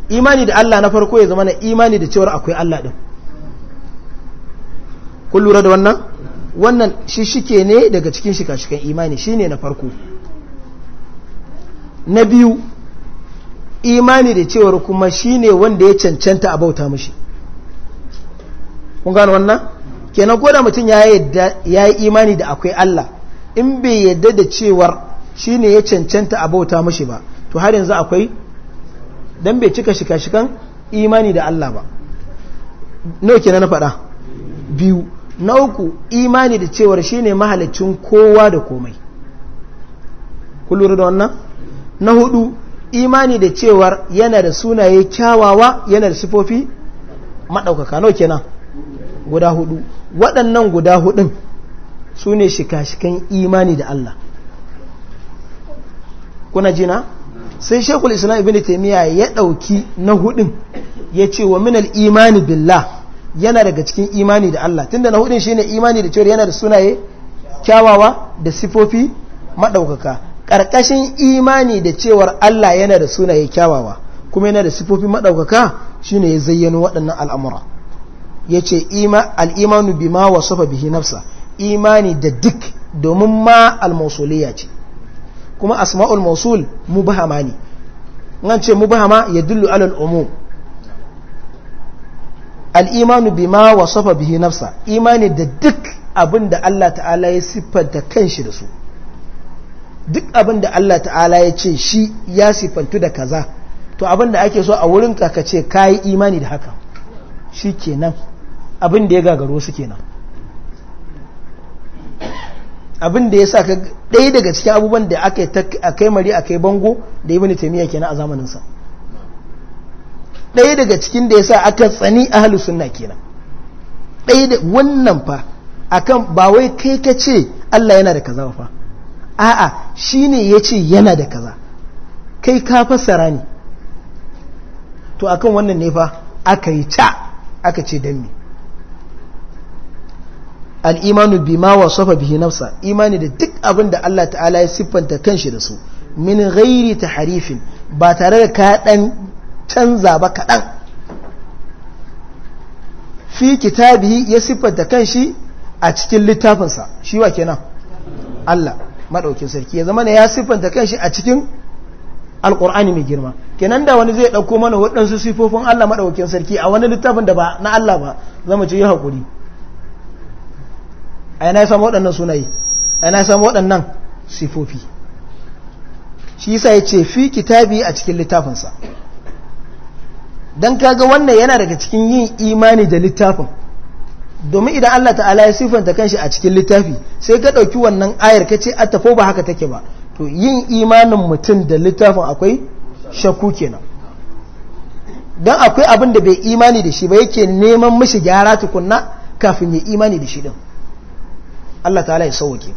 imani da Allah na farko ya zama na imani da cewar akwai Allah din kun lura da wannan wannan shi shike ne daga cikin shika-shikan imani ne na farko na biyu imani da cewar kuma shi ne wanda ya cancanta a bauta mashi kun wannan kenan ko da mutum ya yi imani da akwai Allah in bai yadda da cewar shi ne ya cancanta a bauta mashi ba to har yanzu akwai don bai cika shika-shikan imani da Allah ba nawa kenan na faɗa biyu na uku imani da cewar shi ne mahalicin kowa da komai kun da wannan na hudu imani da cewar yana da sunaye kyawawa yana da sifofi maɗaukaka nawa na guda hudu waɗannan guda hudun su ne shika-shikan imani da Allah kuna jina? sai shekul islam ibn taimiyya ya ɗauki na hudun ya ce wa minal imani billah yana daga cikin imani da Allah tunda na hudun shine imani da cewa yana da sunaye kyawawa da sifofi maɗaukaka ƙarƙashin imani da cewa Allah yana da sunaye kyawawa kuma yana da sifofi maɗaukaka shine ya zayyano waɗannan al'amura yace ce al'imanu bi ma wasafa bihi nafsa imani da duk domin ma al mausuliyya ce kuma asma'ul mausul mubahama ne nan ce bahama ya dillu alal umu. al'imanu bi ma wasafa bihi nafsa imani da duk abin da Allah ta'ala ya siffanta kanshi da su duk abin da Allah ta'ala ya ce shi ya siffantu da kaza to abin da ake so a wurin ka ce ka imani da haka shi kenan abin da ya gagaro su kenan abin da ya sa ka ɗaya daga cikin abubuwan da aka a kai mari a kai bango da ibn taimiyya kenan a zamaninsa ɗaya daga cikin da ya sa aka tsani a ahalus sunna kenan ɗaya da wannan fa akan ba wai kai ka ce Allah yana da kaza fa a'a ne ya ce yana da kaza kai ka fassara ne to akan wannan ne fa aka yi ca, aka ce dan me al'imanu bima wa sofa bihi nafsa imani da duk abin da Allah ta'ala ya siffanta kanshi da su min ghairi ta harifin ba tare da kaɗan canza ba kaɗan fi kitabihi ya siffanta kanshi a cikin littafinsa shi wa kenan Allah maɗaukin sarki ya zama ne ya siffanta kanshi a cikin alƙur'ani mai girma kenan da wani zai ɗauko mana waɗansu sifofin Allah maɗaukin sarki a wani littafin da ba na Allah ba zama ce yi haƙuri a yana samu waɗannan sunaye a yana samu waɗannan sifofi shi sa ya ce fi kitabi a cikin littafinsa don kaga wannan yana daga cikin yin imani da littafin domin idan Allah ta'ala ya siffanta kanshi a cikin littafi sai ka ɗauki wannan ayar ka ce tafo ba haka take ba to yin imanin mutum da littafin akwai shakku kenan don akwai abin da bai imani da shi ba yake neman mashi gyara tukunna kafin ya imani da shi din Allah ta halaye sauke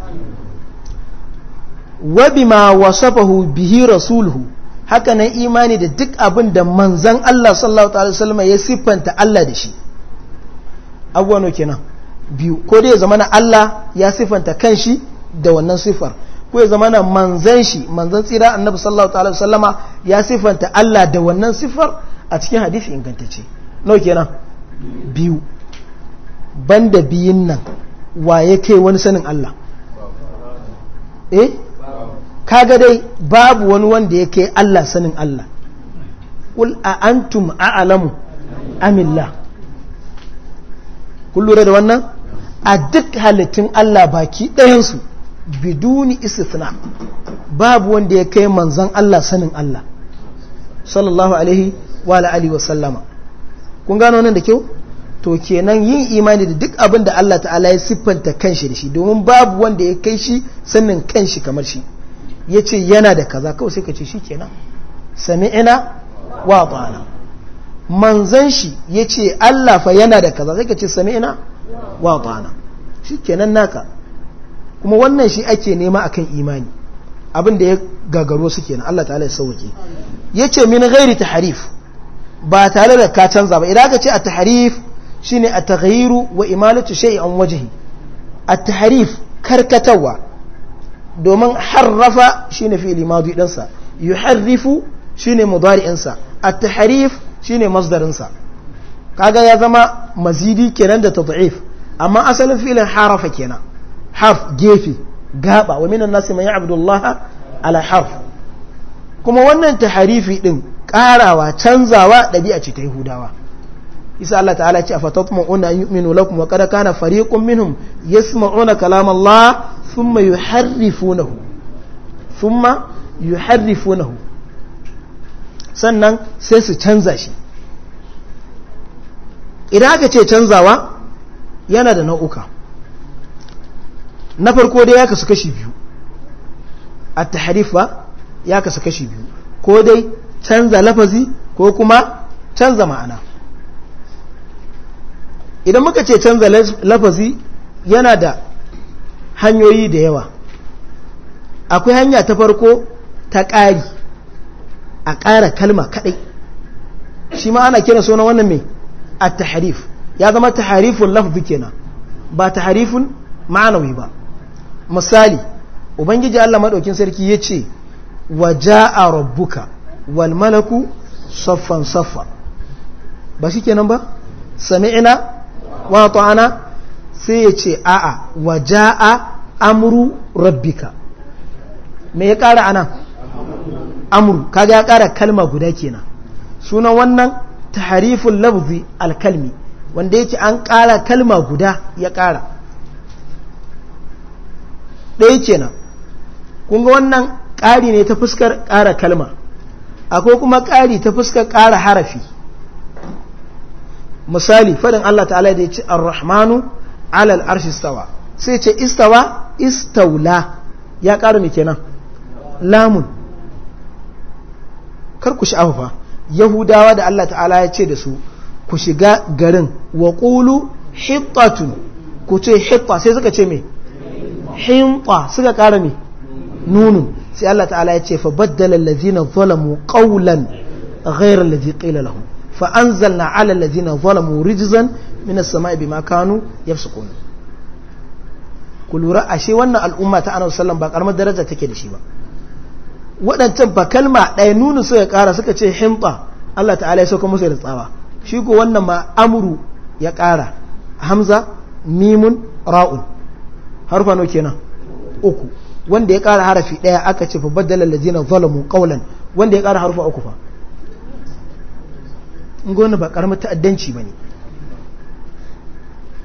wa bima wasafahu bihi rasuluhu haka nan imani da duk abin da manzan Allah sallallahu alaihi salama ya siffanta Allah da shi abuwa no kenan biyu ko dai zamana Allah ya siffanta kanshi da wannan siffar ko ya zamana manzan shi manzan tsira annabi sallallahu alaihi wasallama ya siffanta Allah da wannan siffar a cikin hadisi ingantacce no kenan biyu banda biyin nan wa ya kai wani sanin Allah eh kaga dai babu wani wanda ya kai Allah sanin Allah kul a antum a'lamu amillah kun lura da wannan a duk halittun Allah baki ɗayansu biduni istithna babu wanda ya kai manzan Allah sanin Allah sallallahu alaihi wa alihi wa sallama kun gano nan da kyau to kenan yin imani da duk abin da Allah ta'ala ya siffanta kanshi da shi domin babu wanda ya kai shi sannin kanshi kamar shi ya ce yana da kaza kawai sai ka ce shi kenan sami'ina wa ta'ala manzan shi ya ce Allah fa yana da kaza sai ka ce sami'ina wa ta'ala shi kenan naka kuma wannan shi ake nema akan imani abin da ya gagaro su kenan Allah ta'ala ya sauke ya ce min ghairi taharif ba tare da ka canza ba idan ka ce a taharif shine a taghayyiru wa imalatu shay'an wajhi a tahrif karkatawa domin harrafa shine fi'li madi din sa yuharrifu shine mudari'in sa at tahrif shine masdarin kaga ya zama mazidi kenan da tad'if amma asalin fi'lin harafa kenan harf gefe gaba wa minan nasi man abdullah alharf ala kuma wannan taharifi din karawa canzawa ɗabi'a ce ta Yahudawa isa Allah ta'ala ce afatatma'una an yu'minu lakum wa qad kana fariqun minhum yasma'una kalam Allah thumma yuharrifunahu thumma yuharrifunahu sannan sai su canza shi idan aka ce canzawa yana da nau'uka na farko dai ya kasu kashi biyu a taharifa ya kasu kashi biyu ko dai canza lafazi ko kuma canza ma'ana idan muka ce canza lafazi yana da hanyoyi da yawa akwai hanya ta farko ta ƙari a ƙara kalma kaɗai shi ma ana kira suna wannan mai a taharif ya zama taharifun lafazi kenan ba taharifun ma'anawi ba misali ubangiji allah maɗaukin sarki ya ce wa ja'a rabbuka walmalaku malaku saffan saffa ba shi kenan ba sami'ina wa ta'ana sai ya ce a'a wa a amru rabbika me ya kara anan amru kaga ya kara kalma guda kenan sunan wannan ta harifin lafzi alkalmi wanda yake an kara kalma guda ya kara. ɗaya kenan kunga wannan ƙari ne ta fuskar ƙara kalma akwai kuma ƙari ta fuskar ƙara harafi misali fadin Allah ta'ala da ya ce arrahmanu alal arshi istawa sai ce istawa istaula ya ƙara mai kenan lamun kar ku sha'afa fa yahudawa da Allah ta'ala ya ce da su ku shiga garin wa ƙulu hittatun ku ce hitta sai suka ce mai hinta suka ƙara mai nunu sai Allah ta'ala ya ce fa baddala lazina zalamu ƙaulan ghayra allazi qila lahum fa anzalna ala alladhina zalamu rijzan min as-sama'i bima kanu ku lura ashe wannan al'umma ta annabi ba karamar daraja take da shi ba waɗancan ba kalma ɗaya nuna suka ƙara suka ce himba Allah ta'ala ya sauka musu da tsawa shi ko wannan ma amuru ya ƙara hamza mimun ra'un harfa no kenan uku wanda ya ƙara harafi ɗaya aka ce fa badala lazina zalamu qawlan wanda ya ƙara harfa uku fa gona ba karamar ta'addanci ba ne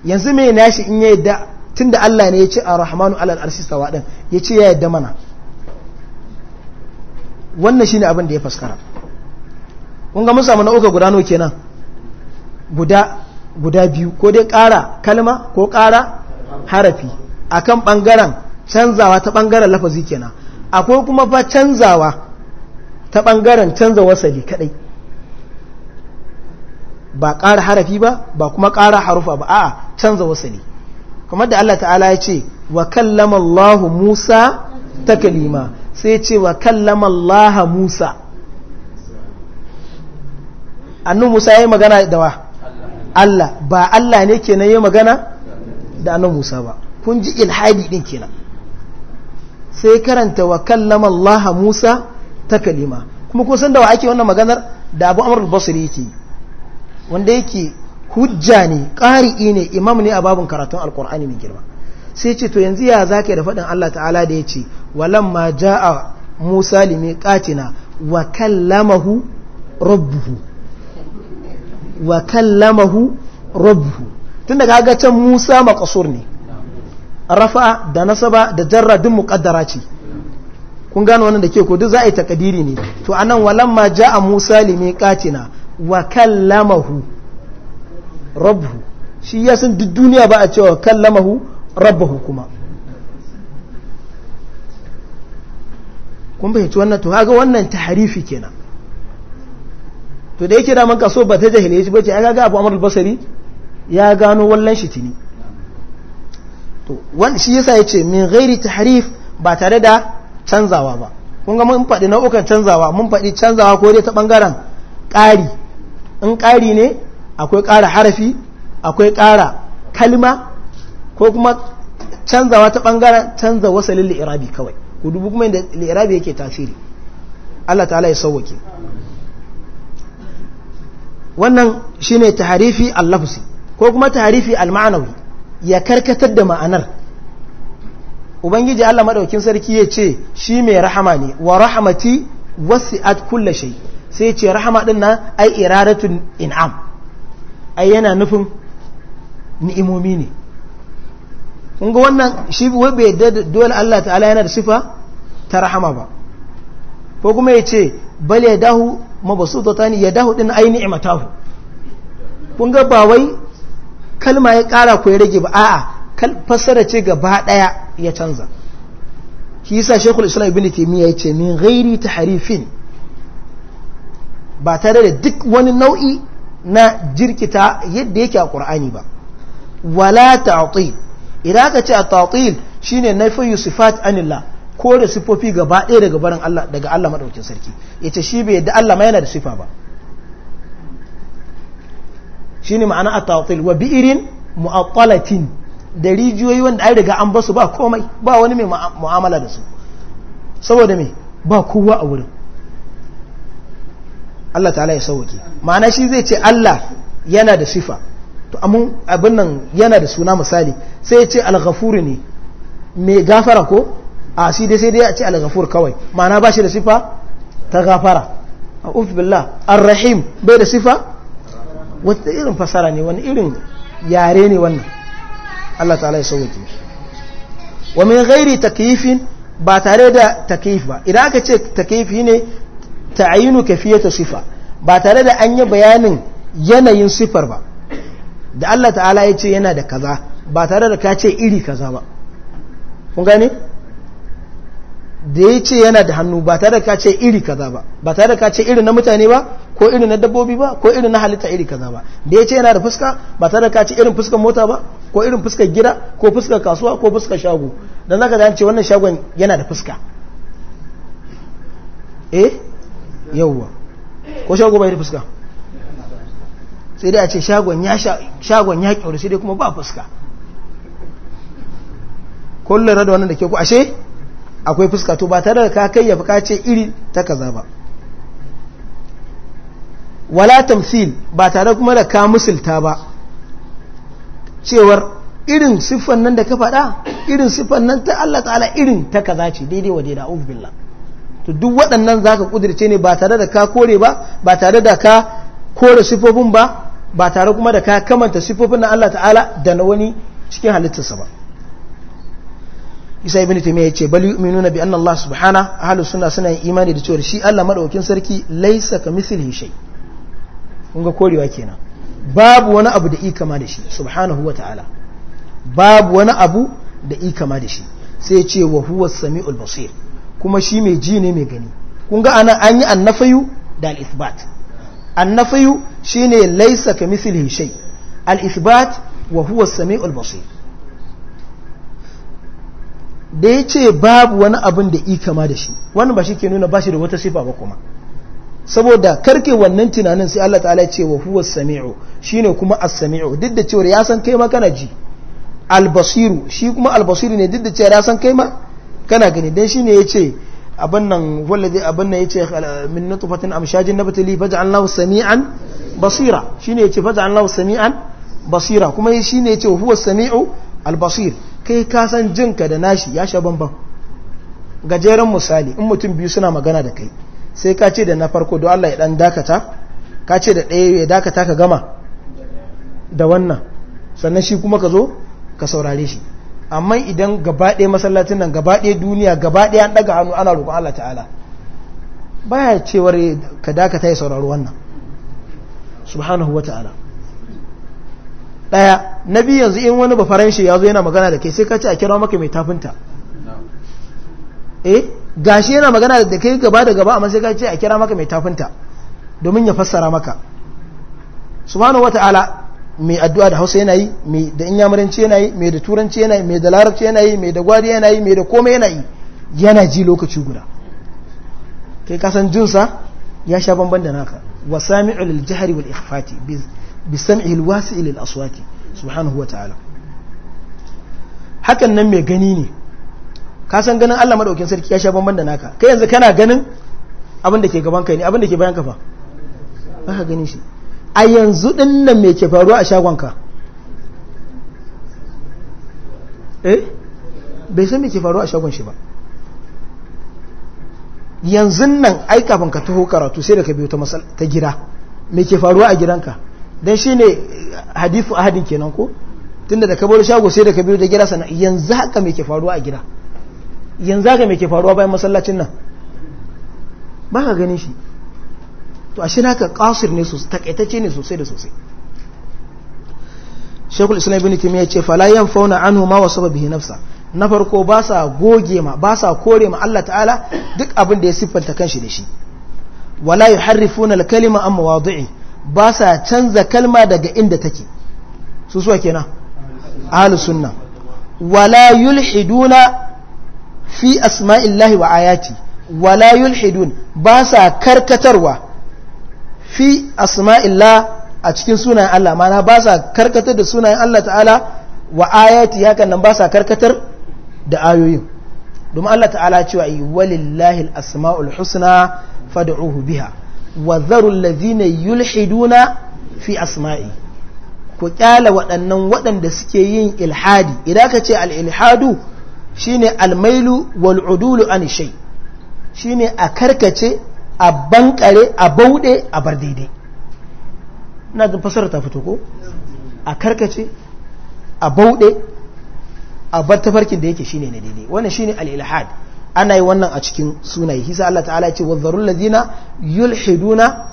yanzu mai nashi in ya yadda tun da Allah ne ya ce a rahmanu alal arsista waɗin ya ce ya yadda mana wannan shi ne abin da ya faskara ƙunga musa mana uka guda nau kenan guda biyu ko dai ƙara kalma ko ƙara harafi a kan ɓangaren canzawa ta ɓangaren lafazi kenan akwai kuma ba canzawa ta ɓangaren canza wasali kaɗai ba ƙara harafi ba ba kuma ƙara harufa ba a'a canza wasali kamar da Allah ta'ala ya ce wa kallama Allah Musa ta kalima sai ya ce wa kallama Allah Musa annu Musa ya yi magana da wa Allah ba Allah ne kenan yi magana da annu Musa ba kun ji ilhadi din kenan sai karanta wa kallama Allah Musa ta kalima kuma kun san da wa ake wannan maganar da Abu amurin al-Basri yake wanda yake hujja ne ƙari'i ne imam ne a babin karatun alkur'ani mai girma sai ce to yanzu ya zaka da faɗin Allah ta'ala da ya ce walamma ja'a musa limi katina wa kallamahu rabbuhu tun daga can musa makasur ne rafa da nasaba da jarra din muqaddara ce kun gano wannan da ke ko duk za a yi takadiri ne to anan walamma ja'a musa limi katina wa kallamahu rabbuhu shi ya san duk duniya ba a cewa kallamahu rabbuhu kuma kun fahimci wannan to kaga wannan tahrifi kenan to da yake da man kaso ba ta jahiliya shi bace ya ga Abu Amr al-Basri ya gano wallan shi tini to wannan shi yasa yace min ghairi tahrif ba tare da canzawa ba kun ga mun faɗi nau'ukan canzawa mun faɗi canzawa ko dai ta bangaren ƙari in ƙari ne akwai ƙara harafi akwai ƙara kalma ko kuma canzawa ta ɓangaren canza wasalin li'irabi kawai ku dubu kuma inda li'irabi yake tasiri Allah ta'ala ya sauwake wannan shi ne ta harifi allafusi ko kuma taharifi al-ma'anawi ya karkatar da ma'anar ubangiji Allah madaukin sarki ya ce shi mai rahama ne wa rahamati wasi'at kulli shai sai ce rahama din nan ai iraratun in'am ai yana nufin ni'imomi ne kun wannan shi wai bai da dole Allah ta'ala yana da sifa ta rahama ba ko kuma ya ce bal ya dahu mabasuta ta ni ya dahu din ai ni'imatahu kun ga ba wai kalma ya kara ko ya rage ba a'a kal fassara ce gaba daya ya canza shi yasa shekul islam ibn taymiya ya ce min ghairi tahrifin ba tare da duk wani nau'i na jirkita yadda yake a ƙur'ani ba wala ta'atil idan aka ce a shine nafiyu yusufat anillah ko da sifofi gaba ɗaya daga barin Allah daga Allah madaukakin sarki yace shi bai da Allah ma yana da sifa ba shine ma'ana a ta'til wa bi'irin mu'attalatin da rijiyoyi wanda ai daga an basu ba komai ba wani mai mu'amala da su saboda me ba kowa a wurin Allah ta'ala ya sauke ma'ana shi zai ce Allah yana da sifa to abin nan yana da suna misali sai ya ce al ne mai gafara ko a shi dai sai dai ya ce al kawai ma'ana ba shi da sifa ta gafara a'udhu billah ar bai da sifa wata irin fasara ne wani irin yare ne wannan Allah ta'ala ya sauke wa min ghairi takyifin ba tare da takyif ba idan aka ce takyifi ne ta'ayinu kafiyata sifa ba tare da an yi bayanin yanayin sifar ba da Allah ta'ala ya ce yana da kaza ba tare da ka ce iri kaza ba kun gane da ya ce yana da hannu ba tare da ka ce iri kaza ba ba tare da ka ce irin na mutane ba ko irin na dabbobi ba ko irin na halitta iri kaza ba da ya ce yana da fuska ba tare da ka ce irin fuskar mota ba ko irin fuskar gida ko fuskar kasuwa ko fuskar shago don zaka an ce wannan shagon yana da fuska eh yawwa ko shago bai da fuska sai dai a ce shagon ya kyauri sai dai kuma ba fuska kullum rada wannan da ke ku ashe akwai fuska to ba tare da ka kai ya fuka ce iri ta kaza ba wala tamthil ba tare kuma da ka musulta ba cewar irin siffan nan da ka faɗa irin siffan nan ta Allah ta'ala irin ta kaza ce daidai wa daidai a'udhu billah to duk waɗannan za ka ƙudirce ne ba tare da ka kore ba ba tare da ka kore sifofin ba ba tare kuma da ka kamanta sifofin na Allah ta'ala da na wani cikin halittarsa ba isa ibn taymiya yace bal yu'minuna bi anna Allah subhana ahlu sunna suna yin imani da cewa shi Allah madaukakin sarki laysa kamithlihi shay kun ga korewa kenan babu wani abu da i kama da shi subhanahu wa ta'ala babu wani abu da i kama da shi sai ce wa huwa samiul basir kuma shi mai ji ne mai gani kun ga anan an yi annafayu da al-isbat annafayu shine laysa ka shay al-isbat wa huwa as-sami'ul basir da ya ce babu wani abin da ika kama da shi wannan ba shi ke nuna ba shi da wata sifa ba kuma saboda karke wannan tunanin sai Allah ta'ala ya ce wa huwa sami'u shine kuma as-sami'u duk da cewa ya san kai ma kana ji al-basiru shi kuma al-basiru ne duk da cewa ya san kai ma kana gani dan shine yace abin nan wallazi abin nan yace min nutfatin amshajin nabtali faj'alallahu sami'an basira shine yace faj'alallahu sami'an basira kuma shine yace huwa sami'u albasir kai ka san jinka da nashi ya sha bamban gajeren misali in mutum biyu suna magana da kai sai ka ce da na farko don Allah ya dan dakata ka ce da ɗaya ya dakata ka gama da wannan sannan shi kuma ka zo ka saurare shi amma idan gabaɗaya masallacin nan gabaɗaya duniya gabaɗaya an ɗaga hannu ana roƙon Allah ta'ala baya cewar ka dakata ya sauraro wannan subhanahu wa ta'ala ɗaya na biyu yanzu in wani shi ya zo yana magana da kai sai ka ce a kira maka mai tafinta eh gashi yana magana da kai gaba da gaba amma sai ka ce a kira maka mai tafinta domin ya fassara maka subhanahu wa ta'ala mai addu'a da hausa yanayi mai da inyamuranci yana yanayi mai da turanci yanayi mai da larabci yanayi mai da gwari yanayi mai da komai yanayi yana ji lokaci guda kai kasan jinsa ya sha bamban da naka wa sami'u lil jahri wal ikhfati bi sam'i al wasi'i lil aswati subhanahu wa ta'ala hakan nan mai gani ne kasan ganin Allah madaukin sarki ya sha bamban da naka kai yanzu kana ganin abin da ke gaban kai ne abin da ke bayan kafa ba ka gani shi a yanzu ɗin nan me ke faruwa a shagonka eh bai san me ke faruwa a shagon shi ba yanzu nan ai kafin ka taho karatu sai da ka biyo ta gida me ke faruwa a gidanka shi ne eh, hadithu ahadin kenan ko tunda da ka bar shago sai da ka biyo da gida sana yanzu haka me ke faruwa a gida yanzu haka me ke faruwa bayan masallacin nan ba ka ganin shi to ashe naka kasir ne sosai takaitacce ne sosai da sosai shekul islam ibn timiya ce fala yan fauna anhu ma wasaba bihi nafsa na farko ba sa goge ma ba sa kore ma Allah ta'ala duk abin da ya siffanta kanshi da shi wala yuharrifuna al-kalima amma wadi'i ba sa canza kalma daga inda take su suwa kenan ahlus sunna wala yulhiduna fi asma'illahi wa ayati wala yulhidun ba sa karkatarwa fi asma'illa a cikin sunayen Allah mana ba sa karkatar da sunayen Allah ta'ala wa ayati hakan nan ba sa karkatar da ayoyin domin Allah ta'ala cewa yi walillahi asma'ul husna fad'uhu biha wa dharu alladhina yulhiduna fi asma'i ku kyala waɗannan waɗanda suke yin ilhadi idan ka ce al-ilhadu shine al-mailu wal udulu an shay shine a karkace a bankare a bauɗe a bar daidai na da fasara ta fito ko a karkace a bauɗe a bar tafarkin da yake shine na daidai wannan shine al-ilhad ana yi wannan a cikin sunaye hisa Allah ta'ala ya ce wazzarul ladina yulhiduna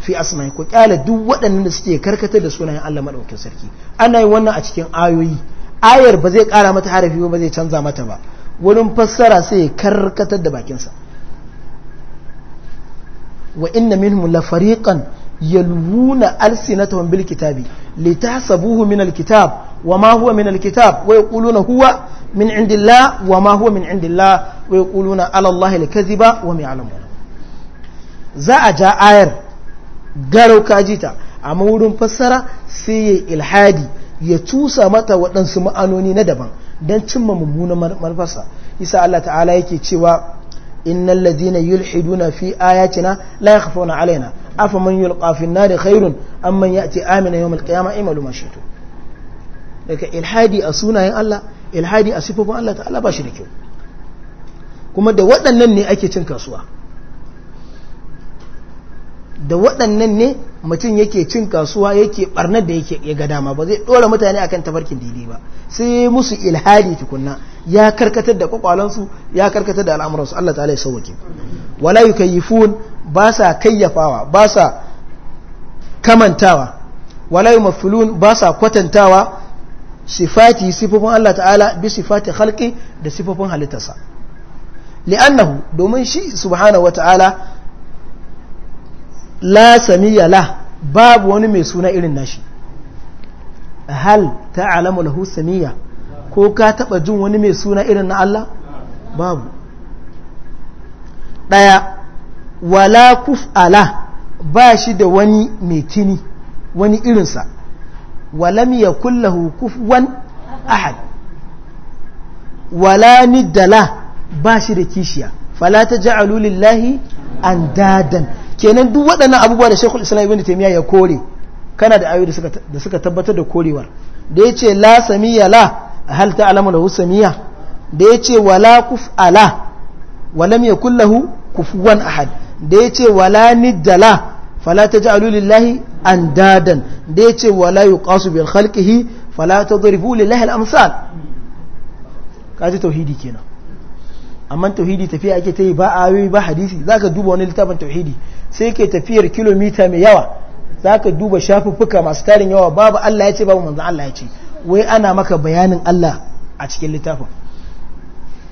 fi asma'i ko kyala duk waɗannan da suke karkatar da sunayen Allah madaukakin sarki ana yi wannan a cikin ayoyi ayar ba zai ƙara mata harafi ba zai canza mata ba wurin fassara sai ya karkatar da bakinsa wa inna minhum la fariqan yalwuna alsinatahum bil kitabi litahsabuhu min al kitab wa ma huwa min al kitab wa yaquluna huwa min indillah wa ma huwa min indillah wa yaquluna ala allahi al kadhiba wa ma ya'lamun za a ja ayar garau kajita amma wurin fassara sai ya ilhadi ya cusa mata waɗansu ma'anoni na daban don cimma mummunan manufarsa isa Allah ta'ala yake cewa innal ladina yulhiduna fi ayatina la yakhfuna alaina afa man yulqa fi an-nar khairun am man ya'ti amina yawm al-qiyamah imalu ma shi'tu daga ilhadi a sunayen Allah ilhadi a sifofin Allah ta'ala ba shi da kyau kuma da waɗannan ne ake cin kasuwa da waɗannan ne mutum yake cin kasuwa yake barnar da yake ya ga dama ba zai ɗora mutane akan tafarkin daidai ba sai musu ilhadi tukunna ya karkatar da kwakwalansu ya karkatar da al'amuransu Allah ta'ala ya sauwake wala yukayyifun ba sa kayyafawa ba sa kamantawa wala mafilun ba sa kwatantawa sifati sifofin Allah ta'ala bi sifati da sifofin halittarsa li'annahu domin shi subhanahu wa ta'ala la samiya la babu wani mai suna irin nashi hal ta'alamu lahu samiya ko ka taɓa jin wani mai suna irin na Allah babu ɗaya wala kuf'ala ba shi da wani mai tini, wani irinsa walam ya kullahu kufwan ahad wala niddala ba shi da kishiya fala ta ja'alu lillahi an kenan duk waɗannan abubuwa da shekul islam ibn taimiyya ya kore kana da ayoyi da suka tabbatar da korewar da yace la samiyala hal ta'lamu lahu samiya da ce wala kuf'ala walam yakul lahu kufuwan ahad da yace wala niddala fala taj'alu an andadan da ce wala yuqasu bil khalqihi fala tadribu lillahi al kaji tauhidi kenan amma tauhidi tafiya ake ta yi ba ayoyi ba hadisi zaka duba wani littafin tauhidi sai ke tafiyar kilomita mai yawa zaka duba shafuffuka masu tarin yawa babu Allah ya ce babu manzon Allah ya ce wai ana maka bayanin Allah a cikin littafin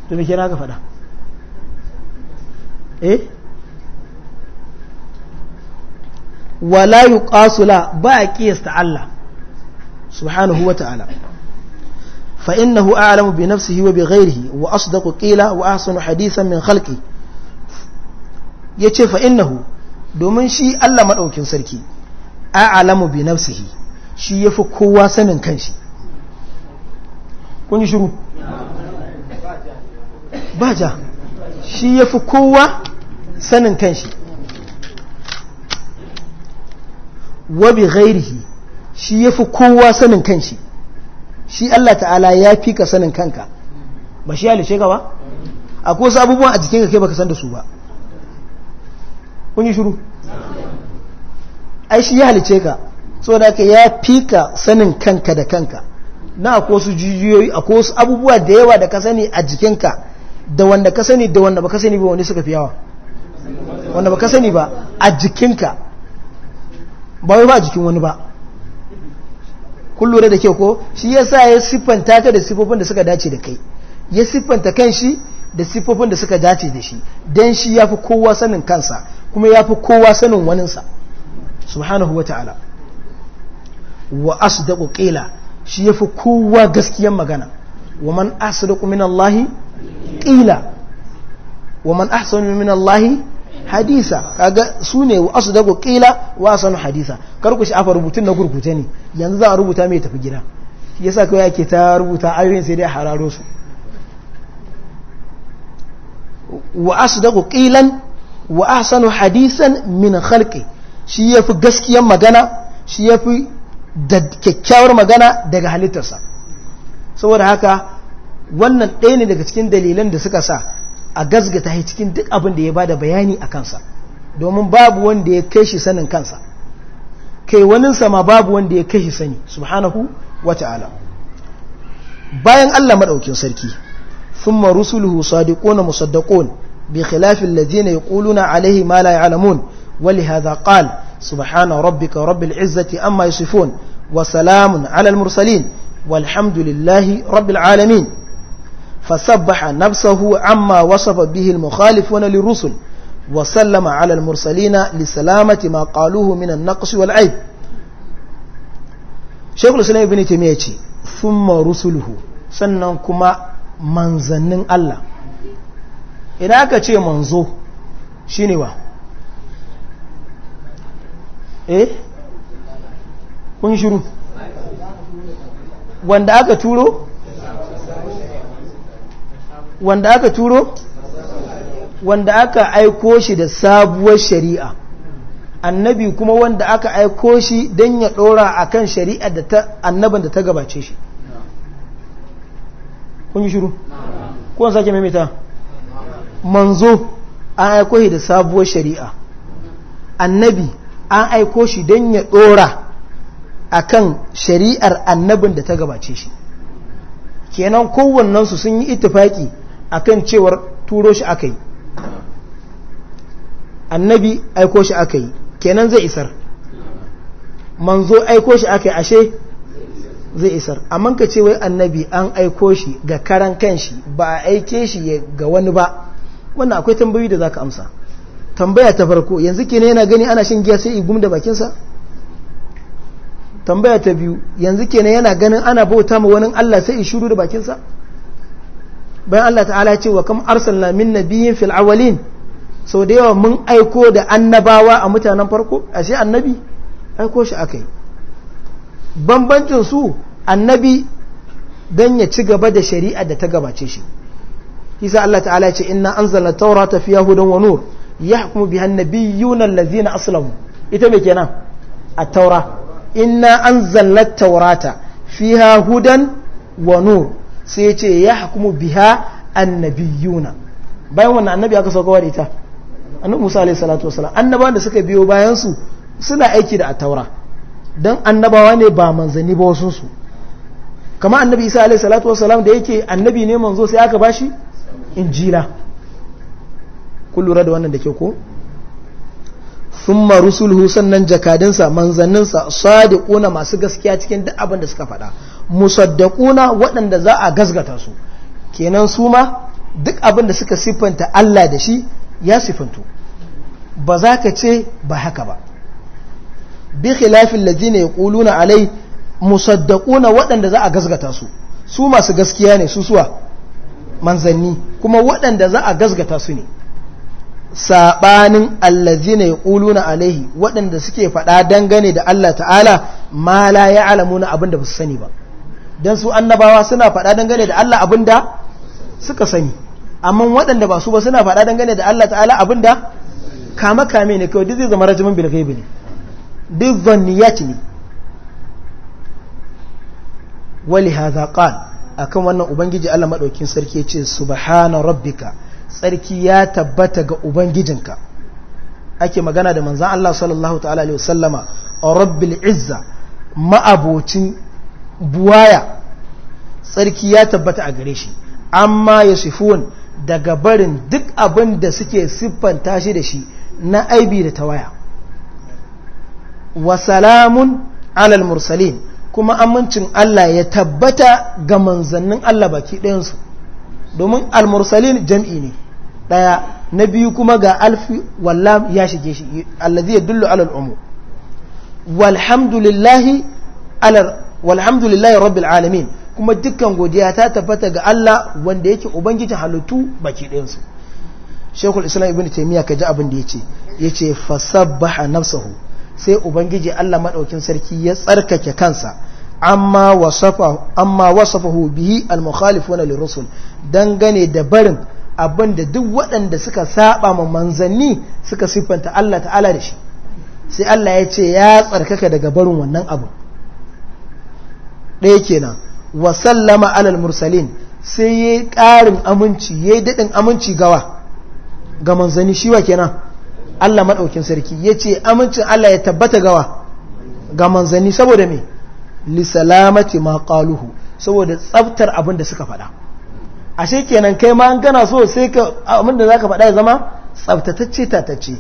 to me kenan ka faɗa eh wala yuqasula ba a kiyasta Allah subhanahu wa ta'ala فإنه أعلم بنفسه وبغيره وأصدق wa وأحسن حديثا min خلقه yace fa innahu domin shi Allah madaukin sarki a'lamu bi nafsihi shi yafi kowa sanin kanshi kun yi shiru ba ja shi ya fi kowa sanin kanshi wabi ghairihi shi ya fi kowa sanin kanshi shi Allah ta'ala ya fi ka sanin kanka ba shi halishe ka ba a wasu abubuwan a jikin ka kai baka san da su ba kun yi shiru ai shi ya halice ka so da ka ya fi ka sanin kanka da kanka na ko su jijiyoyi a ko su abubuwa da yawa da ka sani a jikinka da wanda ka sani da wanda ba ka sani ba wani suka fi yawa wanda ba ka sani ba a jikinka ba wai ba a jikin wani ba kullure da kyau ko shi ya sa ya siffanta ka da siffofin da suka dace da kai ya siffanta kan shi da siffofin da suka dace da shi don shi ya fi kowa sanin kansa kuma ya fi kowa sanin waninsa subhanahu wa ta'ala wa asdaqu qila shi fi kowa gaskiyar magana wa man asdaqu min Allahi qila wa man ahsanu min Allahi hadisa kaga su ne wa dago qila wa ahsanu hadisa karku shi afa rubutun na gurgute ne yanzu za a rubuta mai tafi gida sa kawai ake ta rubuta ayoyin sai dai hararo su wa dago ƙilan wa ahsanu hadisan min khalqi shi fi gaskiyar magana shi fi. da kyakkyawar magana daga halittarsa saboda haka wannan ɗaya ne daga cikin dalilan da suka sa a gazgata ya cikin duk abin da ya ba da bayani a kansa domin babu wanda ya kai shi sanin kansa kai waninsa ma babu wanda ya kai shi sani subhanahu wa ta'ala bayan Allah maɗaukin sarki sun rusuluhu sadiƙona musaddaƙon bi khilafin lazina ƙuluna alaihi ma la ya'lamun wa li hadha subhana rabbika rabbil izzati amma yasifun wa salamun ala mursalin walhamdulillahi rabbil alamin fasabbaha nafsahu amma wasafa bihil al mukhalifuna lirusul wa sallama ala mursalina li salamati ma qaluhu minan an naqs wal aib shaykhul islam ibn taymiyyah ce thumma rusuluhu sannan kuma manzannin Allah ina ka ce manzo shine eh kun shiru wanda aka turo wanda aka turo wanda aka aiko shi da sabuwar shari'a annabi kuma wanda aka aiko shi don ya ɗora a kan shari'a da ta annaban da ta gabace shi kun yi shuru kuwan sake maimaita manzo an aiko shi da sabuwar shari'a annabi an aiko shi don ya ɗora a kan shari'ar annabin da ta gabace shi kenan kowannensu sun yi itifaki a kan cewar turo shi aka yi annabi aiko shi aka yi kenan zai isar manzo aiko shi aka yi ashe zai isar amma ka ce wai annabi an aiko shi ga karan kanshi ba a aike shi ga wani ba wannan akwai tambayi da za ka amsa tambaya ta farko yanzu kenan yana gani ana shan giya sai igum da bakinsa tambaya ta biyu yanzu kenan yana ganin ana bauta ma wani Allah sai ishuru da bakinsa bayan Allah ta'ala ya ce wa kam arsalna min nabiyyin fil awwalin sau da yawa mun aiko da annabawa a mutanen farko ashe annabi aiko shi akai bambancin su annabi dan ya ci gaba da shari'a da ta gabace shi kisa Allah ta'ala ya ce inna anzalna tawrata fiha hudan wa nur yahkumu biha an-nabiyyuna allazina asalamu ita me kenan a taura ina an at-taurata fiha hudan wa nur sai yace yahkumu biha annabiyuna bayan wannan annabi aka sauka da ita annabi Musa alaihi salatu wasallam annabawa da suka biyo bayan su suna aiki da at-taura dan annabawa ne ba manzanni ba wasu su kamar annabi Isa alaihi salatu wasallam da yake annabi ne manzo sai aka bashi injila kun lura da wannan da ke ko summa sulhu sannan jakadinsa manzanninsa sadiquna masu gaskiya cikin duk abin da suka faɗa musaddaquna waɗanda za a gasgata su kenan su ma duk abin da suka siffanta Allah da shi ya siffanto. ba za ka ce ba haka ba bi khilafin ladina yaquluna alai musaddaquna waɗanda za a gasgata su su masu gaskiya ne su suwa manzanni kuma waɗanda za a gasgata su ne saɓanin allazina ya alaihi waɗanda suke faɗa dangane da Allah ta'ala ma la ya'lamuna abinda abin da ba su sani ba don su annabawa suna faɗa dangane da Allah abinda da suka sani amma waɗanda ba su ba suna faɗa dangane da Allah ta'ala abinda da kama kame ne kawai duk zai zama rajimin ghaibi ne duk zanniyat ne wali hadha qal akan wannan ubangiji Allah madaukin sarki ya ce subhana rabbika tsarki ya tabbata ga ubangijinka ake magana da manzan Allah sallallahu ta'ala alaihi sallama a rabbil izza ma'abocin buwaya tsarki ya tabbata a gare shi amma ya daga barin duk abin da suke siffanta shi da shi na aibi da tawaya wa salamun alal mursalin kuma amincin Allah ya tabbata ga manzannin Allah baki ɗayansu domin al-mursalin jam'i ne daya na biyu kuma ga alfi wallam ya shige shi allazi dullu ala al-umu walhamdulillahi ala walhamdulillahi rabbil alamin kuma dukkan godiya ta tabbata ga Allah wanda yake ubangijin halittu baki ɗayan su Sheikhul Islam Ibn Taymiyyah kaji abin da yace yace fasabbaha nafsuhu sai ubangiji Allah madaukin sarki ya tsarkake kansa amma wasafahu bihi al wani lirusul dangane da barin abinda duk waɗanda suka saba ma manzanni suka siffanta Allah ta'ala da shi sai Allah ya ce ya tsarkaka daga barin wannan abu ɗaya kenan wasan lama alal mursalin sai ya yi ƙarin aminci ya yi daɗin aminci gawa ga manzanni shi wa kenan Allah maɗaukin sarki ya ce amincin Allah ya tabbata gawa ga manzanni saboda me li salamati ma qaluhu saboda tsaftar abin da suka faɗa ashe kenan kai ma an gana so sai ka abin da zaka faɗa ya zama tsaftatacce tatacce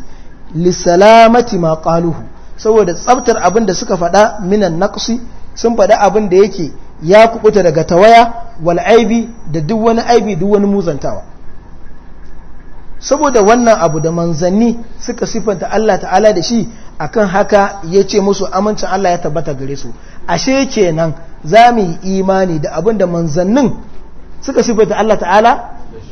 li salamati ma qaluhu saboda tsaftar abin da suka faɗa minan naqsi sun faɗa abin da yake ya kubuta daga tawaya wal aibi da duk wani aibi duk wani muzantawa saboda wannan abu da manzanni suka sifanta Allah ta'ala da shi akan haka ya ce musu amincin Allah ya tabbata gare su ashe kenan za mu yi imani da abin da manzannin suka sifata Allah ta'ala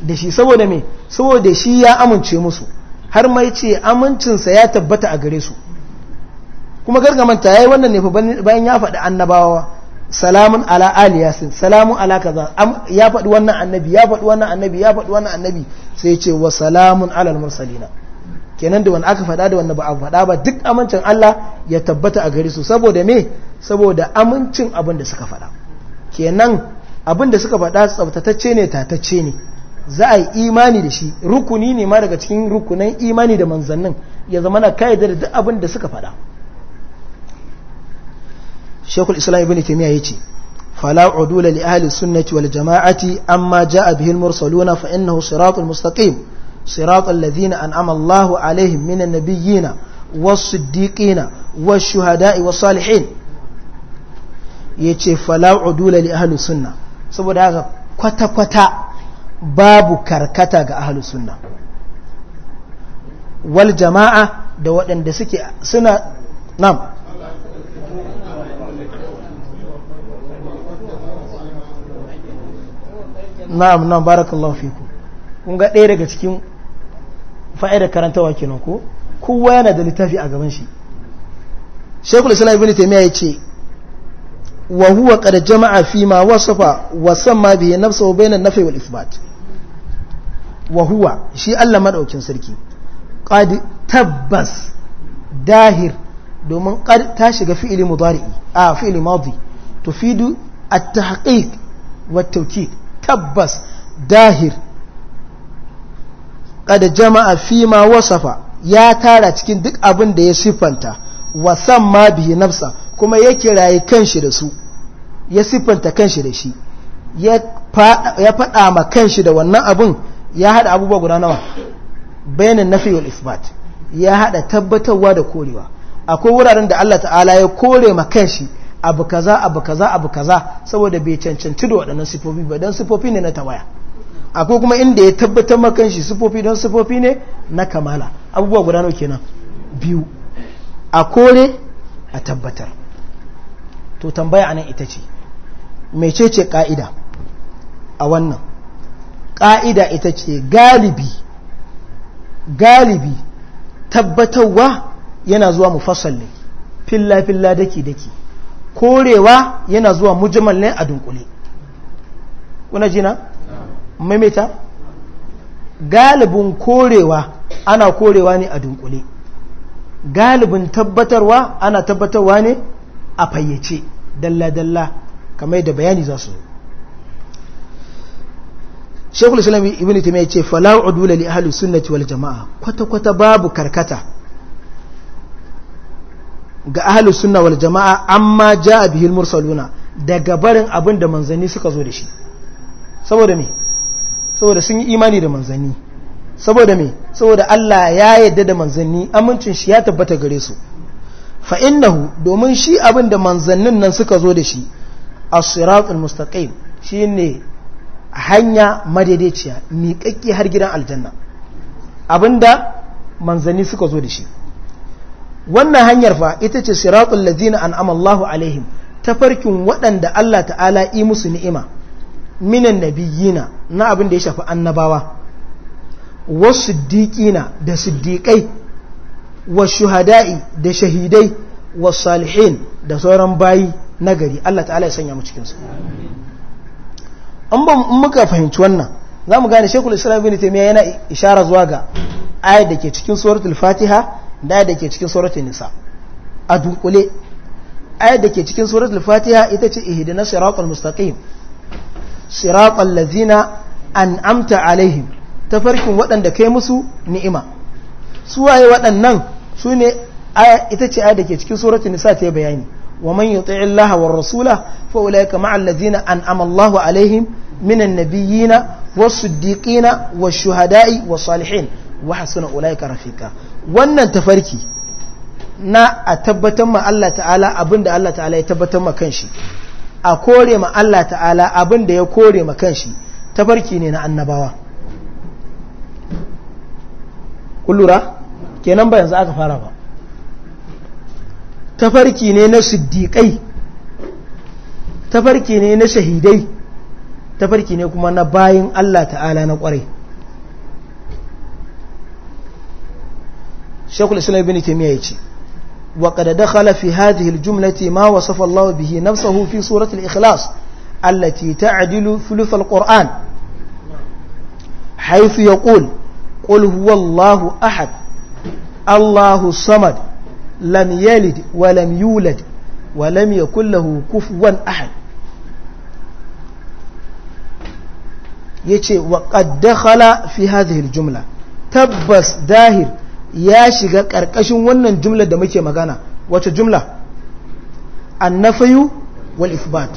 da shi saboda me saboda shi ya amince musu har mai ce amincinsa ya tabbata a gare su kuma gargamanta ya yi wannan ne bayan ya faɗi annabawa salamun ala aliyasin salamun ala kaza ya faɗi wannan annabi ya faɗi wannan annabi ya faɗi wannan annabi sai ce wa salamun alal mursalina kenan da wanda aka faɗa da wanda ba a faɗa ba duk amincin Allah ya tabbata a gare su saboda me saboda amincin abin da suka faɗa kenan abin da suka faɗa tsaftatacce ne tatacce ne za a yi imani da shi rukuni ne ma daga cikin rukunan imani da manzannin ya zama na kayyade da duk abin da suka faɗa shekul islam ibn kimiyya ya ce fala udula li ahli sunnati wal jama'ati amma ja'a bihi al mursaluna fa innahu siratul mustaqim صراط الذين أنعم الله عليهم من النبيين والصديقين والشهداء والصالحين yace fala udula li ahli sunna saboda haka kwata kwata babu karkata ga ahli sunna wal jama'a da waɗanda suke suna nam na'am na'am kun ga ɗaya daga cikin fa'ida karantawa kenan ko kowa yana da littafi a gaban shi shekul islam ibn ya ce wa huwa jama'a fi ma wasafa wa samma bihi nafsuhu bayna an-nafi wal isbat wa huwa shi Allah maɗaukin sarki ƙadi tabbas dahir domin qad ta shiga fi'ili mudari'i a fi'ili madi tufidu at-tahqiq wa tawkid tabbas dahir kada jama'a fi ma wasafa ya tara cikin duk abin da ya siffanta wasan ma bihi nafsa kuma ya kiraye kanshi da su ya siffanta kanshi da shi ya faɗa ma kanshi da wannan abin ya haɗa abubuwa guda nawa bayanin nafi wal isbat ya haɗa tabbatarwa da korewa akwai wuraren da Allah ta'ala ya kore ma kanshi abu kaza abu kaza abu kaza saboda bai cancanci da waɗannan sifofi ba don sifofi ne na tawaya akwai kuma inda ya tabbatar makan shi sufofi don sufofi ne na kamala abubuwa guda na kenan biyu a kore a tabbatar to tambaya anan ita ce mecece ka'ida a wannan ka'ida ita ce galibi galibi tabbatarwa yana zuwa mufassal ne filla-filla daki-daki korewa yana zuwa mujimal ne a dunkule kuna jina maimaita galibin korewa ana korewa ne a dunkule galibin tabbatarwa ana tabbatarwa ne a fayyace dalla-dalla kamar da bayani za su shekul islami ibn taimai ya ce falawar udula li ahalus sunnati wal jama'a kwata-kwata babu karkata ga ahalus sunna wal jama'a amma ja a bihil mursaluna daga barin abin da manzanni suka zo da shi saboda me saboda sun yi imani da manzanni saboda me saboda Allah ya yadda da manzanni amincin shi ya tabbata gare su fa innahu domin shi abin da manzannin nan suka zo da shi as-siratul mustaqim shine hanya madaidaiciya miƙaƙƙi har gidan aljanna abinda manzanni suka zo da shi wannan hanyar fa ita ce siratul ladina an'ama Allahu alaihim tafarkin waɗanda Allah ta'ala yi musu ni'ima minan nabiyina na abin da ya shafi annabawa wasu diƙina da siddiƙai wa shuhada'i da shahidai wa salihin da sauran bayi na gari Allah ta'ala ya sanya mu cikinsu an ba muka fahimci wannan za mu gane shekul islam bin taimiyya yana ishara zuwa ga ayat da ke cikin suratul fatiha da ayat da ke cikin suratul nisa a dukule ayat da ke cikin suratul fatiha ita ce ihdinas siratal mustaqim siratal ladzina an'amta alaihim tafarkin waɗanda kai musu ni'ima su waɗannan su ne ita ce aya da ke cikin suratun nisa ta bayani wa man yuti illaha war rasula fa ulaika ma'al ladzina an'ama Allahu alaihim minan nabiyina wa siddiqina wa shuhadai wa salihin wa hasuna ka rafika. wannan tafarki na a tabbatar ma Allah ta'ala abinda Allah ta'ala ya tabbatar ma kanshi a kore ma Allah ta'ala abin da ya kore ma kanshi tafarki ne na annabawa kullura kenan ba yanzu aka fara ba tafarki ne na siddiƙai tafarki ne na shahidai tafarki ne kuma na bayin Allah ta'ala na ƙwarai shekul islam ibn taimiyya ya ce وقد دخل في هذه الجملة ما وصف الله به نفسه في سورة الإخلاص التي تعدل ثلث القرآن حيث يقول قل هو الله أحد الله الصمد لم يلد ولم يولد ولم يكن له كفوا أحد يتي وقد دخل في هذه الجملة تبس داهر ya shiga ƙarƙashin wannan jumla da muke magana wace jumla annafayu wal isbat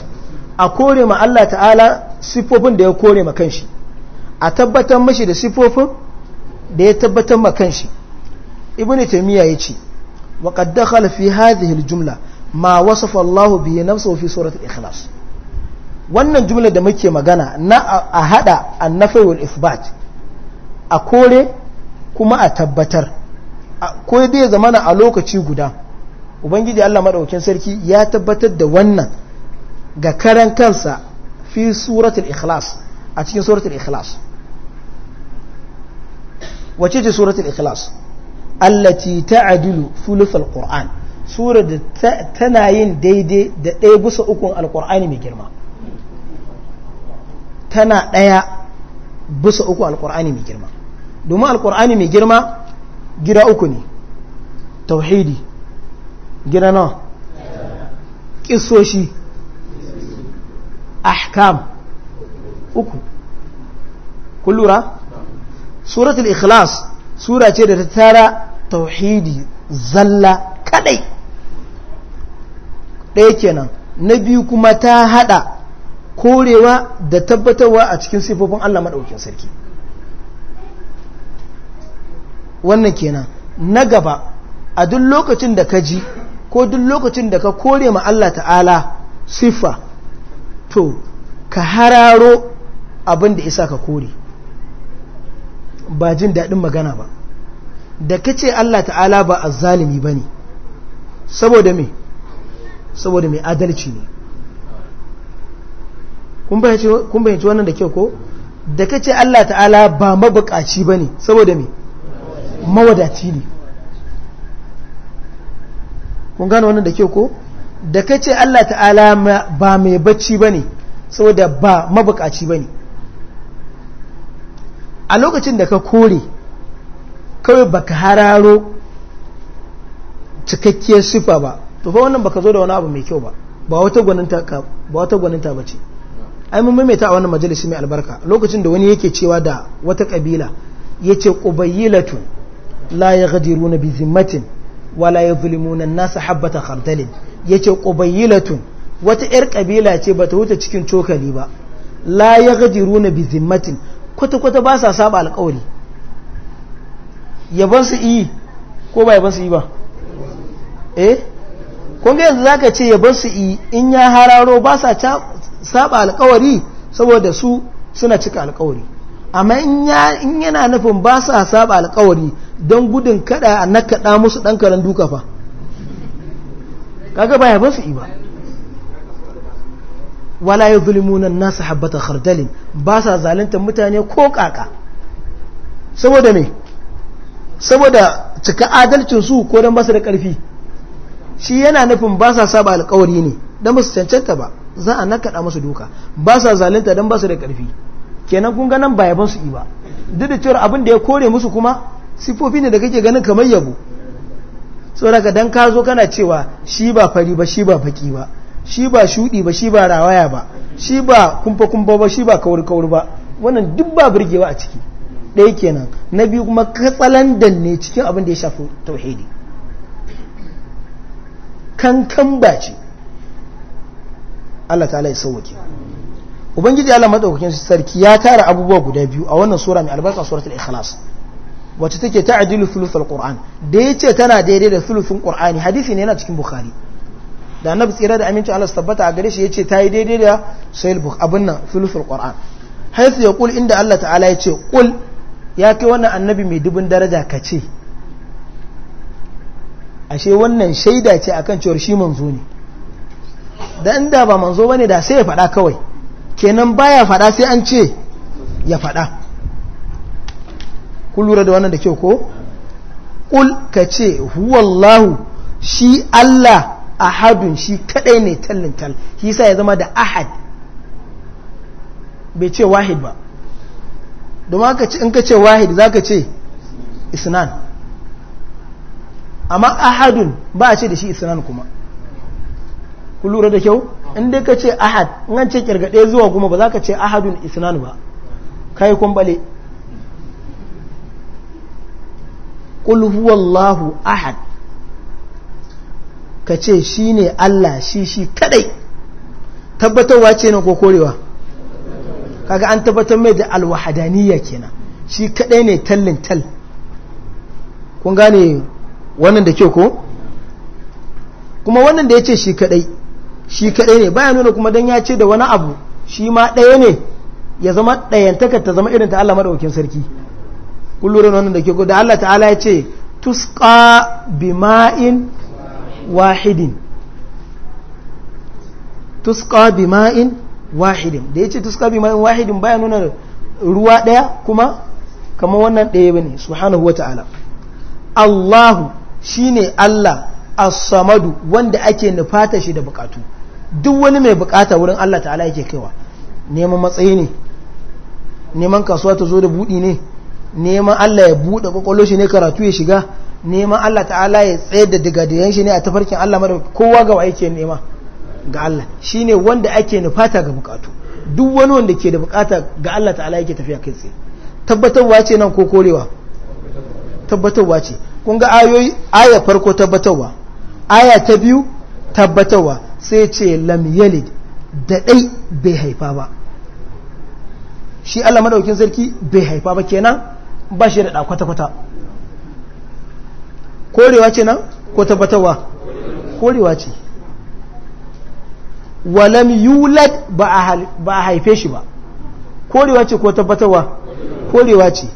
a kore ma Allah ta'ala sifofin da ya kore ma kanshi a tabbatar mashi da sifofin da ya tabbatar ma kanshi ibnu taymiya yace wa qad dakhala fi hadhihi al jumla ma wasafa Allah bihi nafsihi fi surati ikhlas wannan jumla da muke magana na a hada annafayu wal isbat a kore kuma a tabbatar ko dai zamana a lokaci guda ubangiji Allah madaukakin sarki ya tabbatar da wannan ga karan kansa fi suratul ikhlas a cikin suratul ikhlas wace ce suratul ikhlas allati ta'dilu thuluthal qur'an sura da tana yin daidai da ɗaya bisa ukun alqur'ani mai girma tana ɗaya bisa uku alqur'ani mai girma domin alqur'ani mai girma gida uku ne tauhidi gida nawa kisoshi ahkam uku kullura suratul ikhlas sura ce da ta tara tauhidi zalla kadai ɗaya kenan na biyu kuma ta hada korewa da tabbatarwa a cikin sifofin Allah maɗaukin sarki wannan kenan na gaba a duk lokacin da ka ji ko duk lokacin da ka kore ma Allah ta'ala siffa to ka hararo abin da isa ka kore ba jin daɗin magana ba da ka ce Allah ta'ala ba a zalimi ba ne saboda me saboda mai adalci ne kun bayanci wannan da kyau ko da ka ce Allah ta'ala ba mabukaci ba ne saboda me mawadaci ne kun gane wannan da ke ko da ka ce Allah ta'ala ba mai bacci ba ne saboda ba mabukaci ba ne a lokacin da ka kore kawai ka hararo cikakkiyar sifa ba to fa wannan ka zo da wani abu mai kyau ba ba wata gwaninta ka ba wata gwaninta bace ai mun maimaita a wannan majalisi mai albarka lokacin da wani yake cewa da wata kabila yace qubaylatu la yaghdiruna bi zimmatin wala yuzlimuna an-nas habata khardalin yace qubaylatun wata yar ƙabila ce ba ta wuce cikin cokali ba la ya yaghdiruna na bizimmatin kwata kwata ba sa saba alƙawari yaban su yi ko ba yaban su yi ba eh kun yanzu za ka ce yaban su yi in ya hararo ba sa saba alƙawari saboda su suna cika alƙawari amma in yana nufin ba sa saba alkawari don gudun kada a nakaɗa musu ɗan karan duka fa kaga baya ba su ba wala ya zulmunan nasu habbata khardalin ba sa zalunta mutane ko kaka saboda me saboda cika adalcin su ko don basu da ƙarfi shi yana nufin ba sa saba alkawari ne don ba cancanta ba za a nakaɗa musu duka ba sa zalunta dan basu da ƙarfi kenan kun ganin ba yabon su ba duk da cewar abin da ya kore musu kuma sifofi ne da kake ganin kamar yabo saboda dan ka zo kana cewa shi ba fari ba shi ba faki ba shi ba shudi ba shi ba rawaya ba shi ba kumfa kumfa ba shi ba kawur kawur ba wannan duk ba burgewa a ciki ɗaya kenan na biyu kuma dan ne cikin abin da ya shafi tauhidi kankan ba ce Allah ta ya sauwake ubangiji Allah madaukakin sarki ya tara abubuwa guda biyu a wannan sura mai albarka suratul ikhlas wacce take ta'dilu thuluthul qur'an da yace tana daidai da thuluthun qur'ani hadisi ne yana cikin bukhari da annabi tsira da aminci Allah tabbata a gare shi yace ta yi daidai da sahih bukh abin nan thuluthul qur'an haythu yaqul inda Allah ta'ala yace qul ya kai wannan annabi mai dubin daraja kace ashe wannan shaida ce akan cewar shi manzo ne da ba manzo bane da sai ya faɗa kawai kenan baya fada sai an ce ya fada kullura lura da wannan da kyau ko ƙul ka ce huwallahu shi Allah ahadun shi kadai ne tallin tal shi sa ya zama da ahad bai ce wahid ba domin in ka ce wahid za ka ce isnan amma ahadun ba a ce da shi isnan kuma kullura lura da kyau in dai ka ce ahad nan ce kirgade zuwa kuma ba za ka ce ahadun isnan ba kai kumbale qul huwallahu ahad ka ce shi ne Allah shi shi kadai tabbatarwa ce na kokorewa kaga an tabbatar mai da alwahadaniya kenan shi kadai ne tallin tal kun gane wannan da ke ko kuma wannan da ya ce shi kadai shi kadai ne baya nuna kuma dan ya ce da wani abu shi ma ɗaya ne ya zama ɗayantakar ta zama irin ta Allah maɗaukin sarki kun wannan da ke da Allah ta'ala ya ce bi bima'in wahidin bi bima'in wahidin da ya yace bi bima'in wahidin baya nuna ruwa ɗaya kuma kamar wannan ɗaya bane subhanahu wa ta'ala Allahu shine Allah as-samadu wanda ake nufata shi da bukatu duk wani mai bukata wurin Allah ta'ala yake kaiwa neman matsayi ne neman kasuwa ta zo da buɗi ne neman Allah ya buɗe kwakwallo shi ne karatu ya shiga neman Allah ta'ala ya tsayar da digadiyan shi ne a tafarkin Allah mara kowa ga waye ke nema ga Allah shi ne wanda ake nufata ga bukatu duk wani wanda ke da bukata ga Allah ta'ala yake tafiya kai tsaye tabbatarwa ce nan ko korewa tabbatarwa ce kun ga ayoyi aya farko tabbatarwa aya ta biyu tabbatarwa sai ce lam yalid da dai bai haifa ba shi Allah madaukin sarki bai haifa ba kenan ba shi da kwata kwata korewa ce nan ko tabbatawa korewa ce walam yulad ba a haife shi ba korewa ce ko tabbatawa korewa ce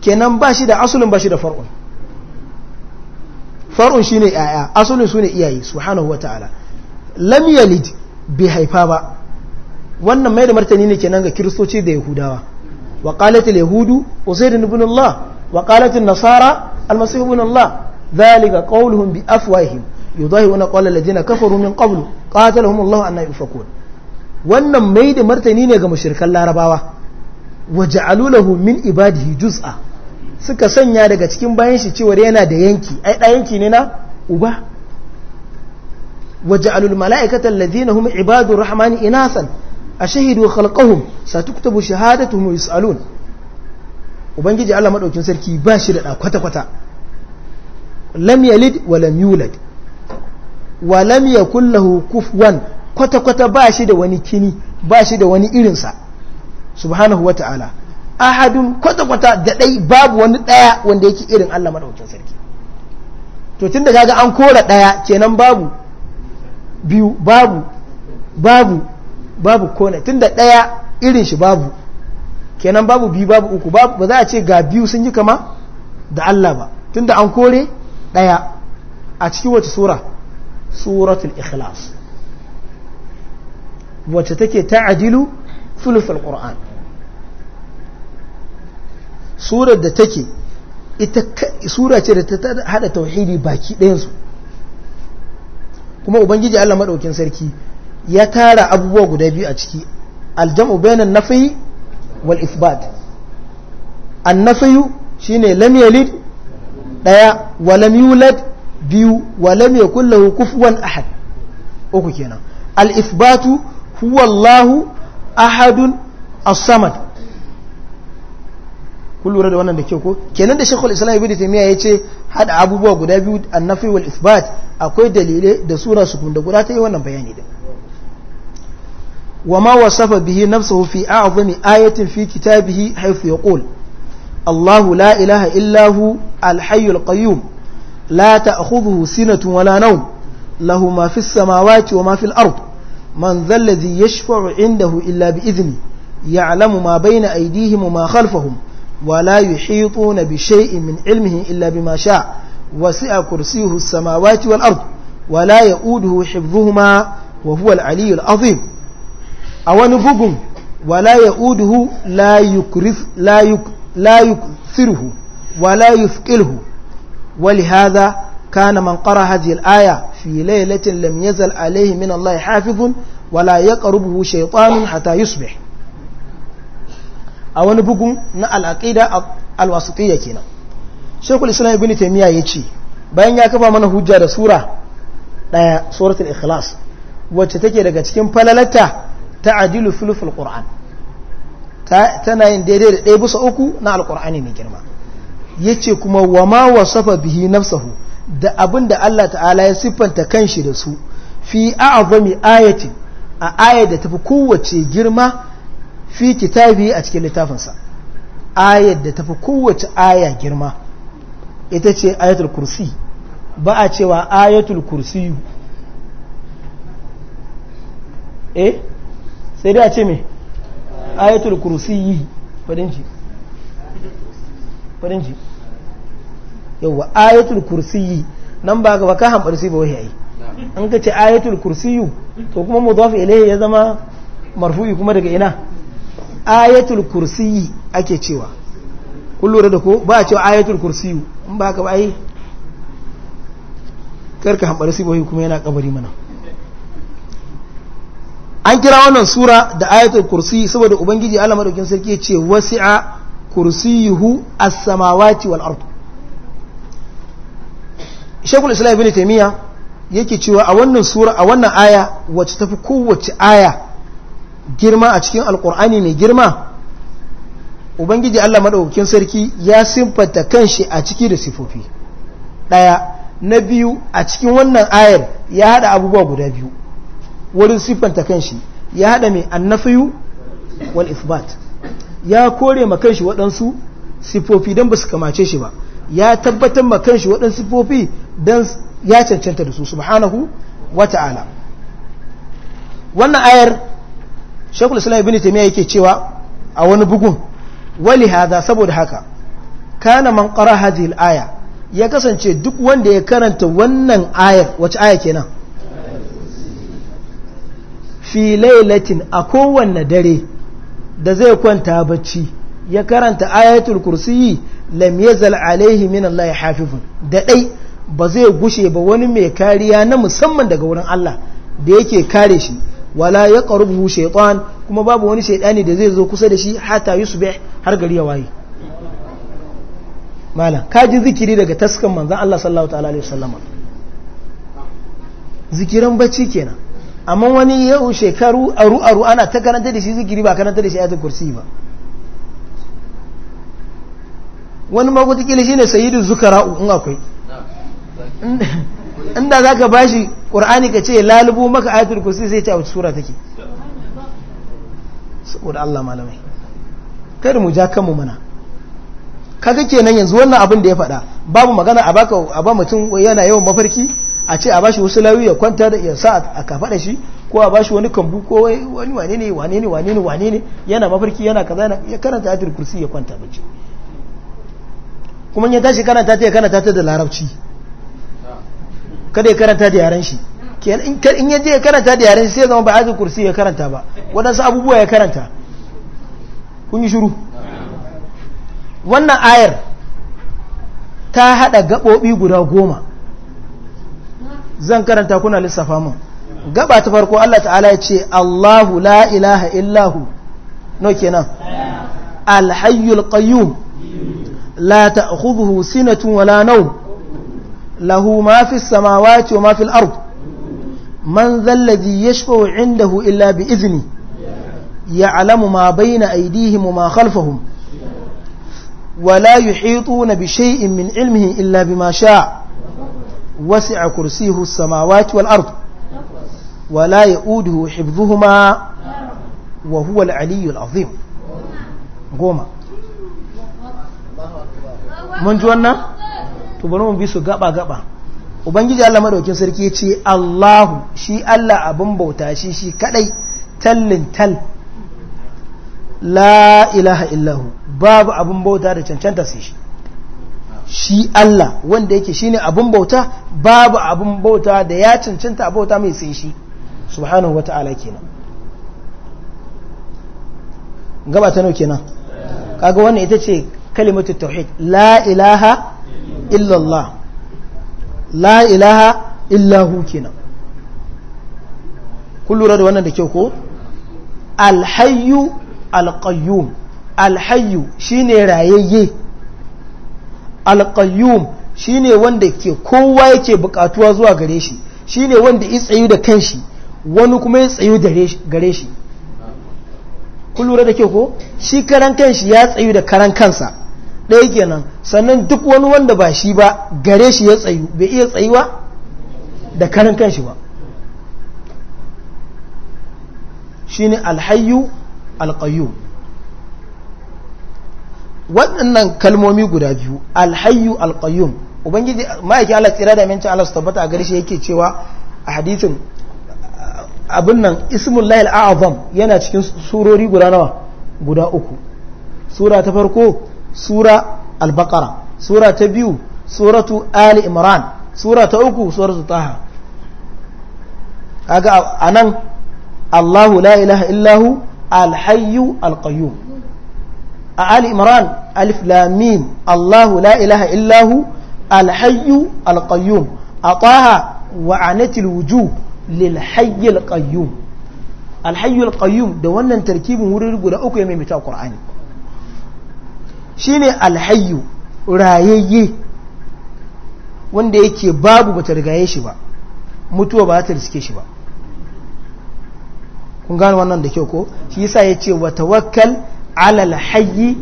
kenan ba shi da asulin ba shi da far'un far'un shine yaya asulin su ne iyaye subhanahu wa ta'ala lam yalid bai haifa ba wannan mai da martani ne kenan ga kiristoci da yahudawa wa yahudu usayd ibn allah wa qalatil nasara almasih ibn allah dhalika qawluhum bi afwahihim yudahiruna qawla alladhina kafaru min qablu qatalahum allah anna yufakun wannan mai da martani ne ga mushrikan larabawa wa ja'alu min ibadihi juz'a suka sanya daga cikin bayan shi cewa yana da yanki ai da yanki ne na uba وجعل الملائكة الذين هم عباد الرحمن إناثا أشهدوا خلقهم ستكتب شهادتهم ويسألون وبنجي جعل الله مدوكين كي باشر كتا كتا لم يلد ولم يولد ولم يكن له كفوا كتا كتا باشر وني كني باشر وني إرنسا سبحانه وتعالى أحد كتا كتا da باب ونطايا wani إرن الله yake irin كي تو sarki to tun da kaga an kora ɗaya kenan babu biyu babu babu babu kone tunda ɗaya irin shi babu kenan babu biyu babu uku babu ba za a ce ga biyu sun yi kama da Allah ba tunda an kore ɗaya a cikin wace sura suratul ikhlas wacce take ta'adilu thuluthul qur'an surar da take ita sura ce da ta hada tauhidi baki ɗayansu kuma ubangiji Allah madaukin sarki ya tara abubuwa guda biyu a ciki aljam'u bainan nafi wal ifbat annafi shine lam yalid daya wa lam yulad biyu wa lam yakul lahu kufuwan ahad uku kenan al ifbatu huwa allah ahadun as-samad kullu lura da wannan da ke ko kenan da shekul islam ibnu taymiya ya ce haɗa abubuwa guda biyu annafi wal isbat akwai dalilai da sura su da guda ta yi wannan bayani din wama wasafa bihi nafsuhu fi a'zami ayatin fi kitabihi haythu yaqul الله لا إله إلا هو الحي القيوم لا تأخذه سنة ولا نوم له ما في السماوات وما في الأرض من ذا الذي يشفع عنده izini بإذنه يعلم ما بين أيديهم وما خلفهم ولا يحيطون بشيء من علمه إلا بما شاء وسع كرسيه السماوات والأرض ولا يؤوده حفظهما وهو العلي العظيم أو نفقهم ولا يؤوده لا يكرث لا يك لا يكثره ولا يثقله ولهذا كان من قرأ هذه الآية في ليلة لم يزل عليه من الله حافظ ولا يقربه شيطان حتى يصبح a wani bugun na al'aƙida aqida al-wasitiyya kenan shekul islam ibn ya ce bayan ya kafa mana hujja da sura ɗaya suratul ikhlas wacce take daga cikin falalata ta'dilu filfil qur'an tana yin daidai da ɗaya bisa uku na alqur'ani mai girma ya ce kuma wa ma wasafa bihi nafsahu da abin da Allah ta'ala ya siffanta kanshi da su fi a'azami ayati a ayar da tafi kowace girma fi kitabi a cikin littafinsa ayat da tafi kowace aya girma ita ce ayatul kursi ba a cewa ayatul kursi eh sai dai a ce me ayatul kursi yi fadinci fadinci yauwa ayatul kursi yi nan ba ga hamɓar hambar ba wahi yayi an ka ce ayatul kursi to kuma zafi ilayhi ya zama marfu'i kuma daga ina ayatul kursiyi ake cewa kun lura da ko ba a cewa ayatul kursiyu in ba ka ba karka hambar sibohi kuma yana kabari mana an kira wannan sura da ayatul kursi saboda ubangiji Allah madaukin sarki ce wasi'a kursiyuhu as-samawati wal ard shekul Islam Ibn taymiya yake cewa a wannan sura a wannan aya wacce tafi kowace aya girma a cikin alkur'ani mai girma ubangiji allah maɗaukakin sarki ya simfanta kanshi a ciki da sifofi ɗaya na biyu a cikin wannan ayar ya haɗa abubuwa guda biyu wurin siffanta kanshi ya haɗa mai annafiyu wal isbat ya kore ma kanshi waɗansu sifofi don ba su kamace shi ba ya tabbatar ma kanshi waɗansu sifofi don ya cancanta da su subhanahu wa ta'ala wannan ayar shekul islam ibn taimiyya yake cewa a wani bugun wali hada saboda haka kana man qara hadhihi aya ya kasance duk wanda ya karanta wannan ayar wace aya kenan fi lailatin a kowanne dare da zai kwanta bacci ya karanta ayatul kursiyi lam yazal alaihi min Allah hafifun da dai ba zai gushe ba wani mai kariya na musamman daga wurin Allah da yake kare shi wala ya ƙarubu shaitan kuma babu wani shaitani da zai zo kusa da shi hata yi subih har gari ya waye malam ka ji zikiri daga taskan manzan Allah sallallahu ta'ala alaihi wasallama zikiran bacci kenan amma wani yau shekaru aru aru ana ta karanta da shi zikiri ba karanta da shi ayatul kursi ba wani magwatakila shi ne sayidu zukara'u in akwai inda za ka ba shi ƙur'ani ka ce lalubu maka ayatul kursi sai ce a wacce sura take saboda Allah malamai kada mu ja kanmu mana kaga kenan yanzu wannan abin da ya faɗa babu magana a baka a ba mutum yana yawan mafarki a ce a bashi wasu lawi ya kwanta da ya sa a kafaɗa shi ko a bashi wani kambu ko wani wane ne wane ne wane ne wane ne yana mafarki yana kaza ya karanta ayatul kursi ya kwanta bace kuma ya tashi karanta ta ya karanta ta da larabci kada ya karanta da yaren shi in ya je ya karanta da yaren sai zama ba ajin kursi ya karanta ba waɗansu abubuwa ya karanta kun yi shiru wannan ayar ta haɗa gaɓoɓi guda goma zan karanta kuna lissafa mun gaba ta farko Allah ta'ala ya ce Allahu la ilaha illahu no kenan alhayyul qayyum la ta'khudhuhu sinatun wala nawm له ما في السماوات وما في الأرض من ذا الذي يشفع عنده إلا بإذنه يعلم ما بين أيديهم وما خلفهم ولا يحيطون بشيء من علمه إلا بما شاء وسع كرسيه السماوات والأرض ولا يؤوده حفظهما وهو العلي العظيم قوما من جوانا؟ to bari mu bi su gaba gaba ubangiji Allah madaukin sarki ya ce Allahu shi Allah abin bauta shi shi kadai tallin tal la ilaha illahu babu abin bauta da cancanta sai shi shi Allah wanda yake shine abin bauta babu abin bauta da ya cancanta a bauta mai sai shi subhanahu wata'ala kenan gaba ta nau kenan kaga wannan ita ce kalimatu tauhid la ilaha illallah la ilaha illahu kenan kun lura da wannan da kyau ko alhayu alqayyum alhayu shine rayayye alqayyum shine wanda ke kowa yake bukatuwa zuwa gare shi shine wanda ya tsayu da kanshi wani kuma ya tsayu da gare shi kun lura da kyau ko shi karan kanshi ya tsayu da karan kansa ɗaya kenan sannan duk wani wanda ba shi ba gare shi ya tsayu bai iya tsayuwa da karin kanshi ba shi ne alhayu alqayyum waɗannan kalmomi guda biyu alhayu alqayyum ubangiji ma'aiki ala tsira da mincin ala su tabbata a gare shi yake cewa a hadithin abin nan ismullahi a'azam yana cikin surori guda nawa guda uku sura ta farko sura albakara baqara sura ta biyu suratu ali imran sura ta uku suratu taha kaga Allahu la ilaha illahu al-hayyu a ali imran alif lam Allahu la ilaha illahu al-hayyu a taha wa anatil wujuh lil qayyum da wannan tarkibin wurin guda uku ya maimaita ƙur'ani shine alhayu rayayye wanda yake babu ta rigaye shi ba mutuwa ba ta riske shi ba kun gano wannan da kyau ko shi yasa ya ce wata wakal alal hayyi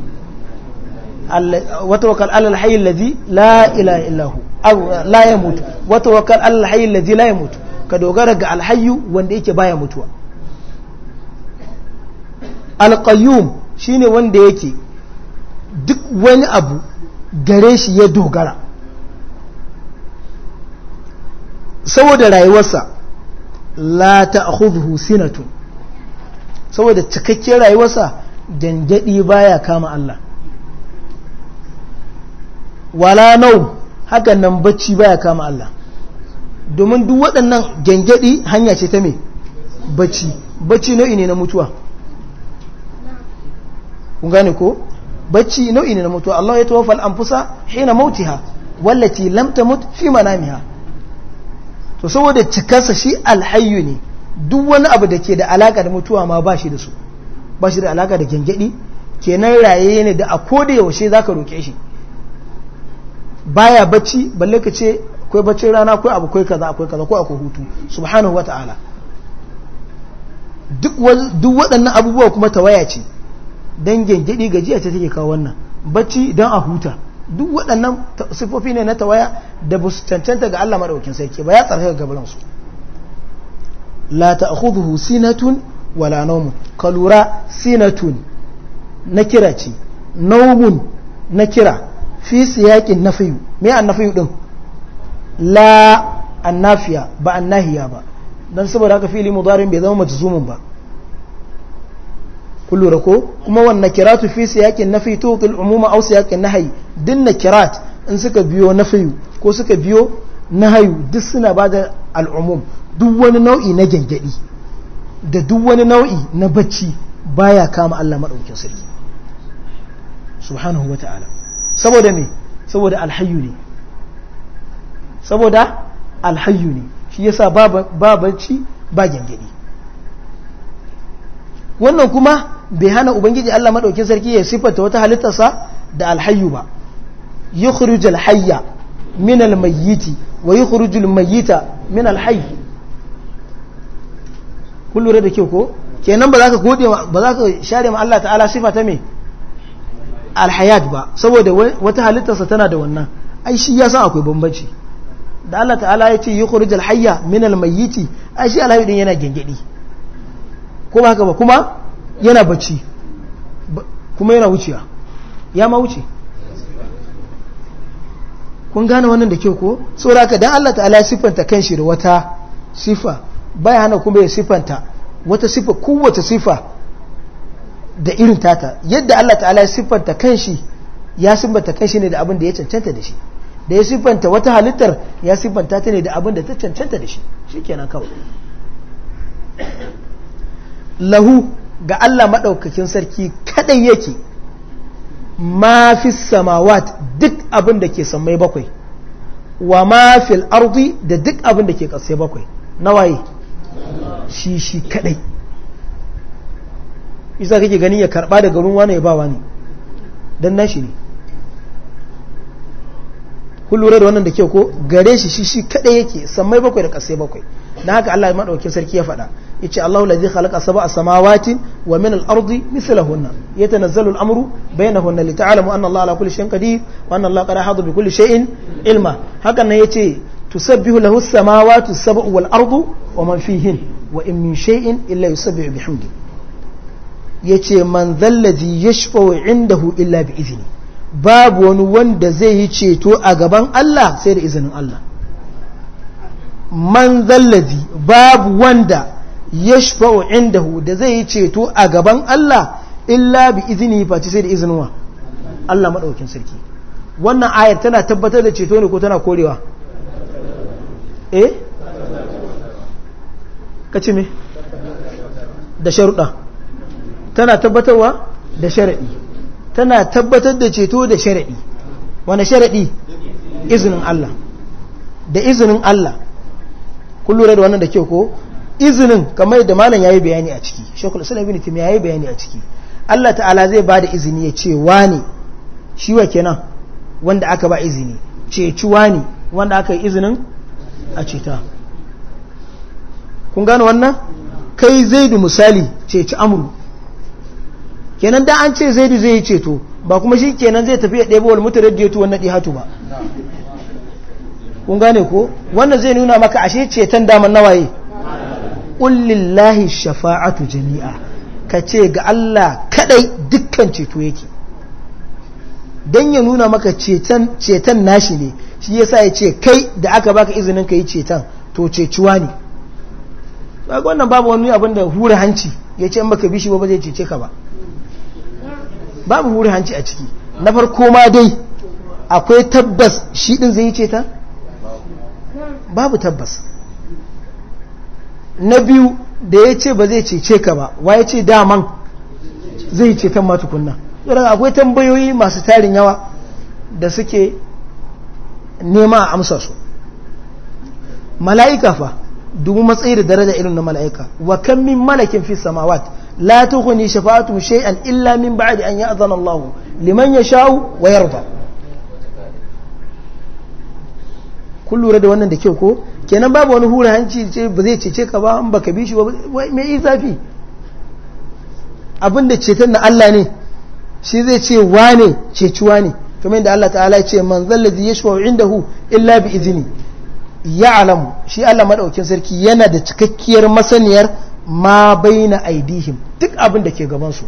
وتوكل على الحي الذي لا اله الا هو او لا يموت وتوكل على ga alhayu wanda yake baya mutuwa shi shine wanda yake duk wani abu gare shi ya dogara saboda rayuwarsa la ta'khudhu sinatu saboda cikakken rayuwarsa gangadi baya kama Allah wala nau hakan nan bacci baya kama Allah domin duk waɗannan gangadi hanya ce ta mai bacci bacci nau'i ne na mutuwa kun gane ko bacci nau'i ne na mutuwa Allah ya tawaffa al-anfusa hina mautiha wallati lam tamut fi manamiha to saboda cikarsa shi alhayyu ne duk wani abu da ke da alaka da mutuwa ma ba shi da su ba shi da alaka da gengedi kenan raye ne da a koda yaushe zaka roke shi baya bacci balle ka ce akwai baccin rana akwai abu akwai kaza akwai kaza ko akwai hutu subhanahu wata'ala duk waɗannan abubuwa kuma tawaya ce dan gengedi gajiya ce take kawo wannan bacci dan a huta duk waɗannan sifofi ne na tawaya da ba cancanta ga Allah maɗaukin sarki ba ya tsarka gabran su la ta'khudhu sinatun wala nawmun ka lura sinatun na kira ce nawmun na kira fi siyaqin nafiyu me an nafiyu din la annafiya ba annahiya ba dan saboda haka fili mudari bai zama majzumun ba kullu da ko kuma wannan kiratu fi siyakin nafi til umuma aw siyakin nahyi din na kirat in suka biyo nafiyu ko suka biyo nahyu duk suna bada umum duk wani nau'i na gengedi da duk wani nau'i na bacci baya kama Allah madaukin sarki subhanahu wata'ala saboda me saboda alhayyu ne saboda alhayyu ne shi yasa ba bacci ba gengedi wannan kuma bai hana ubangiji Allah madaukin sarki ya sifata wata halittarsa da alhayyu ba yukhrijul hayya min almayyiti wa yukhrijul mayyita min alhayy kun lura da kyau ko kenan ba za ka gode ba za ka share ma Allah ta'ala sifa ta me alhayat ba saboda wata halittarsa tana da wannan ai shi ya san akwai bambanci da Allah ta'ala ya ce yukhrijul hayya min almayyiti ai shi alhayy din yana gengedi kuma haka ba kuma yana bacci kuma yana wuciya ya ma wuce kun gane wannan da kyau ko saboda ka dan Allah ta'ala siffanta kanshi da wata sifa baya hana kuma ya siffanta wata sifa kowace sifa da irin tata yadda Allah ta'ala ya siffanta kanshi ya siffanta kanshi ne da abin da ya cancanta da shi da ya siffanta wata halittar ya siffanta ta ne da abin da ta cancanta da shi shikenan kawai lahu ga Allah maɗaukakin sarki kaɗai yake ma fi samawat duk abin da ke samai bakwai wa ma fil da duk abin da ke ƙasai bakwai waye shi shi kaɗai isa kake gani ya karɓa daga garin ne ya ba wani don nashi ne kun da wannan da kyau ko gare shi shi shi kaɗai yake samai bakwai da ƙasai bakwai na haka Allah maɗaukakin sarki ya faɗa yace Allahu ladhi khalaqa sab'a samawati wa min al-ardi mithlahunna yatanazzalu al-amru bainahunna li ta'lamu anna Allah ala kulli shay'in qadir wa anna Allah qad ahata bi kulli shay'in ilma hakan nan yace tusabbihu lahu as-samawati as-sab'u wal ardu wa man fihin wa in min shay'in illa yusabbihu bihamdi yace man ya yashfa'u indahu illa bi izini babu wani wanda zai yi ceto a gaban Allah sai da izinin Allah man babu wanda yashfa'u indahu da zai yi ceto a gaban Allah illa bi izini ci sai da izinuwa Allah madaukin sarki wannan ayar tana tabbatar da ceto ne ko tana korewa eh kace me da sharuɗa tana tabbatarwa da sharaɗi tana tabbatar da ceto da sharaɗi wani sharaɗi izinin Allah da izinin Allah kun da wannan da kyau ko izinin kamar da malam yayi bayani a ciki shekul islam ibn timiya yayi bayani a ciki Allah ta'ala zai ba da izini ya ce wani shi wa kenan wanda aka ba izini ci wani wanda aka yi izinin a ceta kun gano wannan kai zaidu misali ceci amuru kenan da an ce zaidu zai yi ceto ba kuma shi kenan zai tafi ya ɗebo wal mutu radiyatu wannan ɗihatu ba kun gane ko wannan zai nuna maka ashe ceton daman nawaye ƙullillahi shafa'atu jami'a ka ce ga Allah kadai dukkan ceto yake Dan ya nuna maka cetan nashi ne shi yasa ya ce kai da aka baka izinin ka yi ceton to cecuwa ne wannan babu wani abin da hura hanci ya ce in baka bishi ba ba zai cece ka ba babu hura hanci a ciki na farko ma dai akwai tabbas shi din zai yi ceton babu tabbas na biyu da ya ce ba zai cece ka ba wa ya ce daman zai ceton ma tukunna tsoron akwai tambayoyi masu tarin yawa da suke nema a amsa su mala'ika fa dubu matsayi da daraja irin na mala'ika wa kan min malakin fi samawat la tughni shafa'atu shay'an illa min ba'di an ya'zana Allah liman yasha'u wa yarda kun lura da wannan da kyau ko kenan babu wani hura hanci ce ba zai cece ka ba ba ka bi shi ba me yi zafi abinda ceton na Allah ne shi zai ce wane cecuwa ne kuma inda Allah ta'ala ya ce man zallazi inda hu illa bi izini alamu shi Allah madaukin sarki yana da cikakkiyar masaniyar ma baina aidihim duk abin da ke gabansu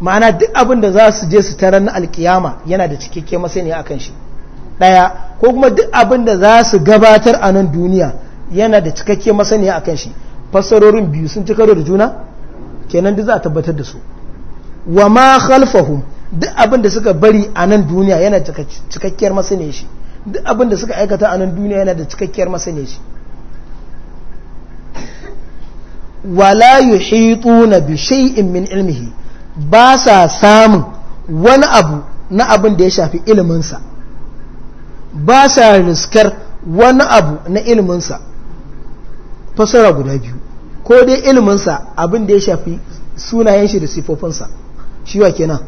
ma'ana duk abin da za su je su tarar na alkiyama yana da cikakkiyar masaniya akan shi daya ko kuma duk abin da za su gabatar a nan duniya yana da cikakke masaniya a kan shi fassarorin biyu sun ci karo da juna kenan duk za a tabbatar da su wa ma khalfahum duk abin da suka bari a nan duniya yana da cikakkiyar masaniya shi duk abin da suka aikata a nan duniya yana da cikakkiyar masaniya shi wala yuhituna bi shay'in min ilmihi ba sa samun wani abu na abin da ya shafi iliminsa ba sa riskar wani abu na ilminsa fasara guda biyu ko dai ilminsa abin da ya shafi sunayen shi da sifofinsa shi wa kenan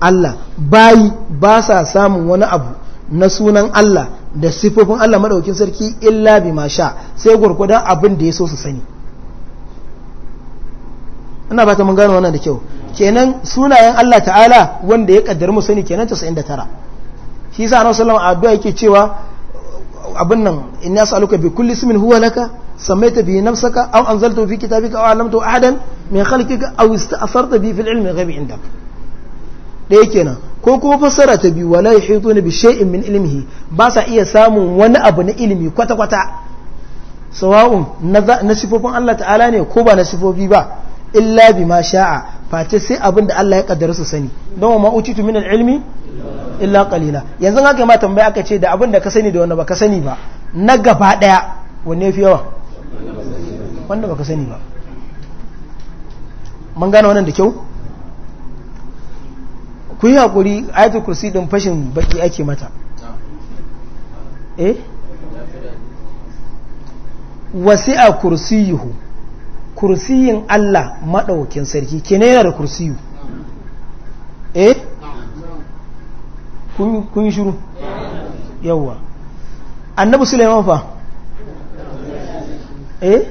Allah bayi ba sa samun wani abu na sunan Allah da sifofin Allah maɗaukin sarki illa bi ma sha sai gwargwadon abin da ya so su sani ina ba ta mun gano wannan da kyau kenan sunayen Allah ta'ala wanda ya kaddar mu sani kenan 99 shi yasa annabi sallallahu addu'a yake cewa abin nan inni as'aluka bi kulli ismin huwa laka samaita bi au aw anzalta fi kitabika aw alamta ahadan min khalqika aw ista'farta biyu fil ilmi ghaibi indak da yake nan ko kuma fassara ta biyu wala yahituna bi shay'in min ilmihi ba sa iya samun wani abu na ilimi kwata kwata sawa'un na sifofin Allah ta'ala ne ko ba na sifofi ba illa ma sha'a face sai abin da Allah ya kaddara su sani don wa ma'ucitu min ilmi illa qalila yanzu haka ma tambaya aka ce da abin da ka sani da wanda baka sani ba na gaba daya wanne fi yawa wanda baka sani ba mun gane wannan da kyau ku yi hakuri ayatul kursi din fashin baki ake mata eh wasi'a kursiyuhu kursiyin Allah maɗaukin sarki kene yana da kursiyu eh kun shiru yawwa annabi suleiman fa eh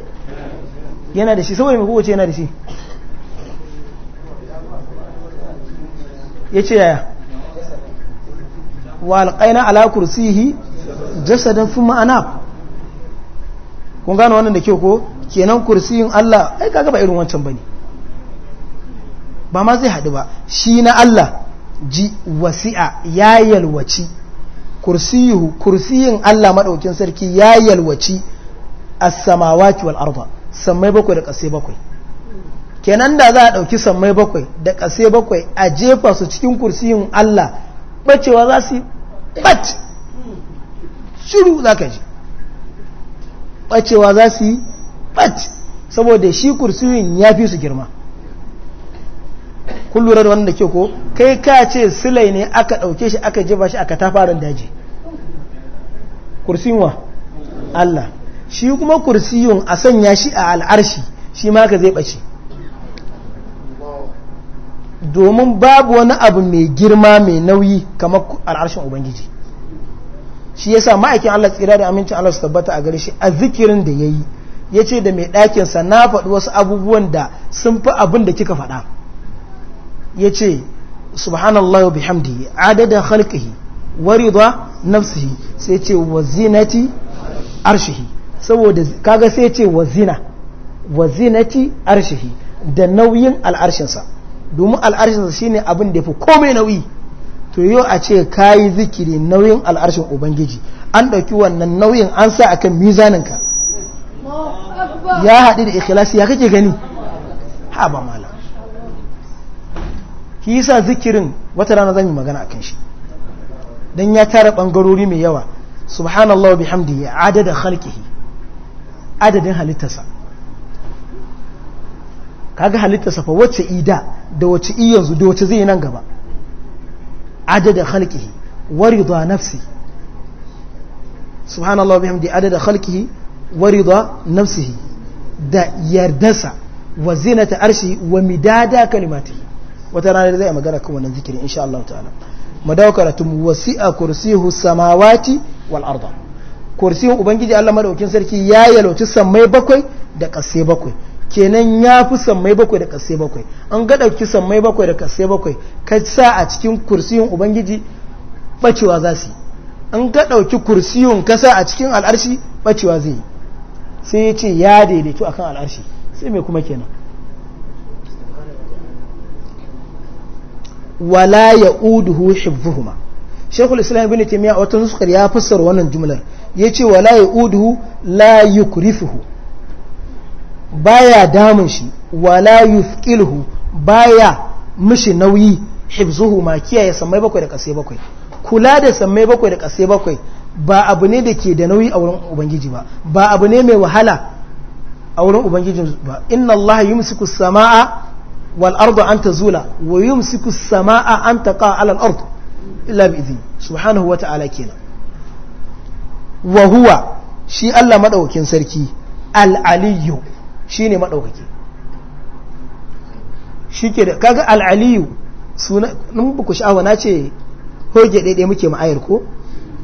yana da shi saboda mai kowace yana da shi ya ce yaya wa alƙaina ala kursihi jasadin fi ma'ana kun gano wannan da kyau ko kenan kursiyin Allah ai kaga ba irin wancan bane ba ma zai haɗu ba shi na Allah ji wasi'a ya yalwaci kursiyu kursiyin Allah Madaukin sarki ya yalwaci as-samawati wal arda samai bakwai da kase bakwai kenan da za a ɗauki samai bakwai da kase bakwai a jefa su cikin kursiyin Allah bacewa za su bat shiru za ka ji bacewa za su yi bat saboda shi kursiyin ya fi su girma kun lura da wannan ke ko kai ka ce silai ne aka ɗauke shi aka jiba shi aka tafarin daji kursiyin wa Allah shi kuma kursiyun a sanya shi a al'arshi shi ma ka zai ɓace domin babu wani abu mai girma mai nauyi kamar al'arshin ubangiji shi yasa ma'aikin Allah tsira da amincin Allah su tabbata a gare shi a zikirin da ya yi ya ce da mai ɗakinsa na faɗi wasu abubuwan da sun fi abin da kika faɗa ya ce subhanallah wa bihamdi adadin wari warida nafsihi sai ce wa zinati arshihi saboda kaga sai ce wa zina wa zinati arshihi da nauyin al'arshinsa domin al'arshinsa shine abin da ya fi komai nauyi to yau a ce kayi zikiri nauyin al'arshin ubangiji an ɗauki wannan nauyin an sa akan mizaninka ya haɗu da ikhlasi ya kake gani ha ba mala ki yasa zikirin wata rana zan yi magana akan shi dan ya tara bangarori mai yawa subhanallah wa bihamdihi adada khalqihi adadin halittarsa kaga halittarsa fa wacce ida da wacce i yanzu da wacce zai nan gaba adada khalqihi wari rida nafsi subhanallah wa bihamdihi adada khalqihi wari rida nafsihi da yardarsa wa zinata arshi wa midada kalimati wata rana da zai magana kan wannan zikirin insha Allah ta'ala mu dawo karatun wasi'a kursihu samawati wal arda kursihu ubangiji Allah madaukin sarki ya yalauci sammai bakwai da ƙasai bakwai kenan ya fi samai bakwai da ƙasai bakwai an ga dauki sammai bakwai da ƙasai bakwai ka sa a cikin kursiyin ubangiji bacewa za su yi an ga ɗauki kursiyin ka sa a cikin al'arshi bacewa zai yi sai ya ce ya daidaitu akan al'arshi sai mai kuma kenan wala ya uduhu hibbuhuma shekul islam bin taymiya a wata nuskar ya fassara wannan jumlar ya ce wala ya uduhu la yukrifuhu baya damun shi wala yufqilhu baya mishi nauyi hibzuhu ma kiyaye sammai bakwai da kasai bakwai kula da samai bakwai da kasai bakwai ba abu ne da ke da nauyi a wurin ubangiji ba ba abu ne mai wahala a wurin ubangiji ba inna Allah yumsiku samaa wal ardu an tazula wa yumsiku samaa an taqa ala al ard illa bi idhni subhanahu wa ta'ala kenan wa huwa shi Allah madaukakin sarki al aliyyu shine madaukaki shike da kaga al aliyyu sunan mun ku sha'awa nace hoge daidai muke ma'ayar ko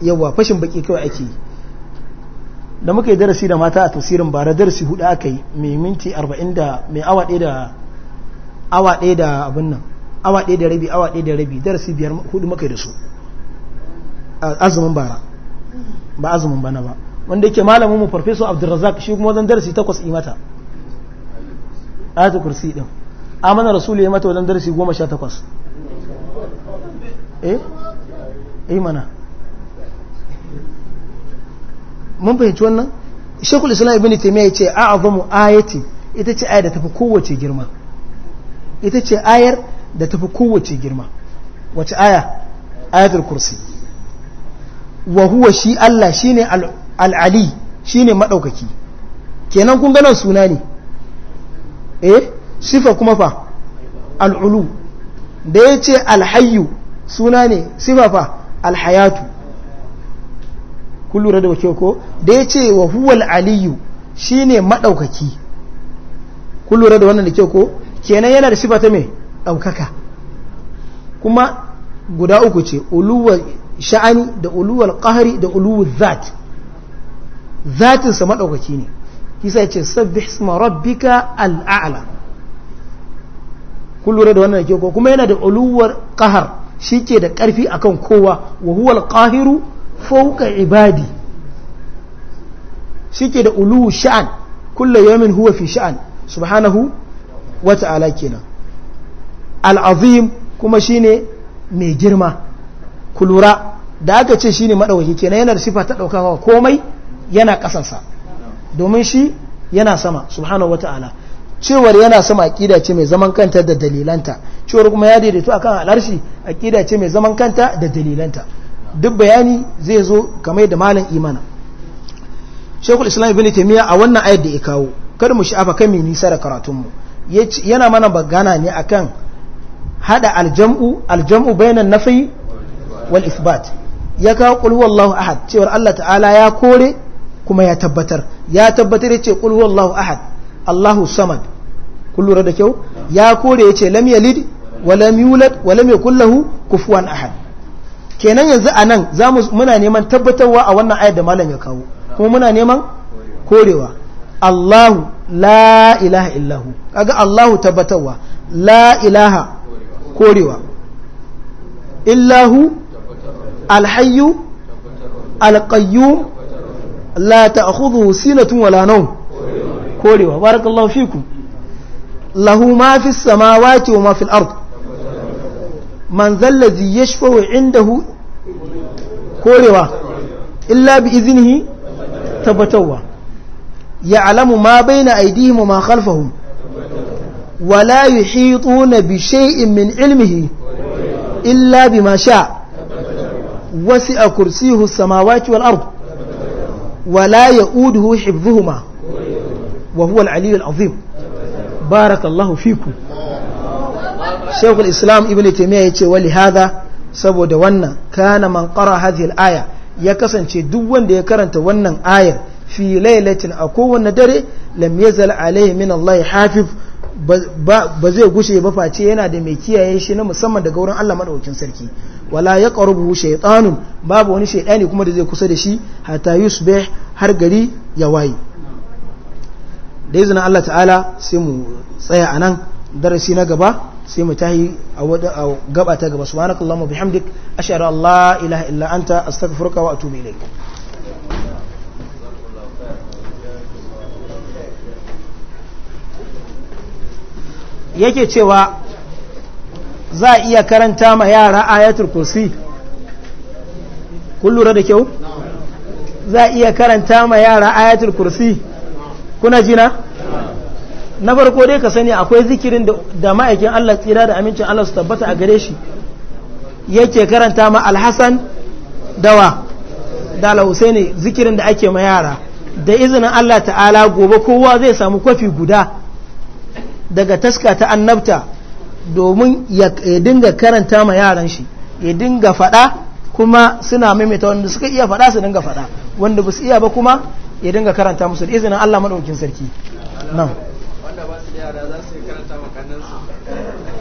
yawa fashin baki kawai ake yi da muka yi darasi da mata a tafsirin bara darasi hudu aka yi mai minti arba'in da mai awa ɗaya da awa ɗaya da abin nan awa ɗaya da rabi awa ɗaya da rabi darasi biyar hudu muka yi da su azumin bara ba azumin bana ba wanda yake malamin mu farfesa abdulrazak shi kuma wajen darasi takwas yi mata ayatul kursi din amana rasulu ya mata wajen darasi goma sha takwas eh eh mana mun fahimci wannan shekul islam ibn taimiyya ya ce a azamu ayati ita ce ayar da tafi kowace girma ita ce ayar da tafi kowace girma wace aya ayatul kursi wa huwa shi Allah shine al-ali shine madaukaki kenan kun ganan suna ne eh sifa kuma fa al-ulu da yace al-hayyu suna ne sifa fa al-hayatu kun lura da wake ko da ya ce wa huwal aliyu shine madaukaki kun lura da wannan da ke ko kenan yana da shi ta mai ɗaukaka kuma guda uku ce uluwar sha'ani da uluwar qahari da uluwar zat zatinsa maɗaukaki ne kisa ya ce sabbih isma rabbika al'a'ala kun lura da wannan da ke ko kuma yana da uluwar qahar shi ke da ƙarfi akan kowa wa huwal qahiru fauka ibadi shike da ulu sha'an kulle yamin huwa fi sha'an subhanahu wa ta'ala kenan al'azim kuma shine mai girma kulura da aka ce shine madawaki kenan yana da sifa ta daukawa komai yana kasansa domin shi yana sama subhanahu wa ta'ala cewar yana sama aƙida ce mai zaman kanta da dalilanta cewar kuma ya daidaito akan al'arshi aƙida ce mai zaman kanta da dalilanta duk bayani zai zo kamar da malam imana shekul islam ibn taimiyya a wannan ayat da ya kawo kar mu sha'afa kan mai nisa da karatunmu yana mana bagana ne akan hada aljam'u aljam'u bainan nafi wal isbat ya kawo qul huwallahu ahad cewar Allah ta'ala ya kore kuma ya tabbatar ya tabbatar yace qul huwallahu ahad Allahu samad kun lura da kyau ya kore yace lam yalid wa lam yulad wa lam yakul lahu kufuwan ahad kenan yanzu a nan muna neman tabbatarwa a wannan ayar da malam ya kawo kuma muna neman korewa Allahu la ilaha illahu kaga Allahu tabbatarwa la ilaha korewa illahu alhayyu alqayyum la sinatun wala nawm korewa barakallahu fikum lahu ma fis samawati wa ma fil ardh man zallazi yashfa'u indahu korewa illa bi iznihi ya ya'lamu ma baina aydihim wa ma khalfahum wa la yuhituna bi shay'in min ilmihi illa bima sha wasi'a kursiyuhu as-samawati wal ard wa la ya'uduhu hifdhuhuma wa huwa al-'aliyyul 'azhim barakallahu fikum shekul islam ibn taimiyya ya ce wali hada saboda wannan kana man qara hadhihi aya ya kasance duk wanda ya karanta wannan ayar fi lailatin a kowanne dare lam yazal alaihi min Allah hafiz ba zai gushe ba face yana da mai kiyaye shi na musamman daga wurin Allah madaukakin sarki wala ya qarubu shaytanun babu wani shaytani kuma da zai kusa da shi hatta yusbih har gari ya waye da izinin Allah ta'ala sai mu tsaya a anan darasi na gaba sai mu tahi a gaba ta gaba subhanakallahumma bihamdik ashhadu an la ilaha illa anta astaghfiruka wa atubu ilaik yake cewa za a iya karanta ma yara ayatul kursi kun lura da kyau za a iya karanta ma yara ayatul kursi kuna jina na farko dai ka sani akwai zikirin da ma'aikin Allah tsira da amincin Allah su tabbata a gare shi yake karanta ma alhassan dawa da alhussaini zikirin da ake ma yara da izinin Allah ta'ala gobe kowa zai samu kwafi guda daga taska ta annabta domin ya dinga karanta ma yaran shi ya dinga fada kuma suna maimaita wanda suka iya fada su dinga fada wanda ba su iya ba kuma ya dinga karanta musu da izinin Allah maɗaukin sarki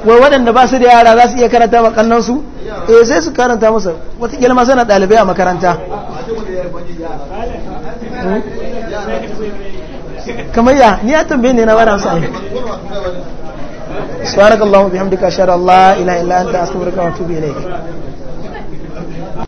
wai waɗanda ba su da yara za su iya karanta makannansu e eh, sai su karanta masa watakila ma zana ɗalibai a makaranta hmm? kamar ya ni ya tambaye ne na wadan sa subhanakallahu bihamdika ashhadu an la ilaha illa anta astaghfiruka wa atubu ne.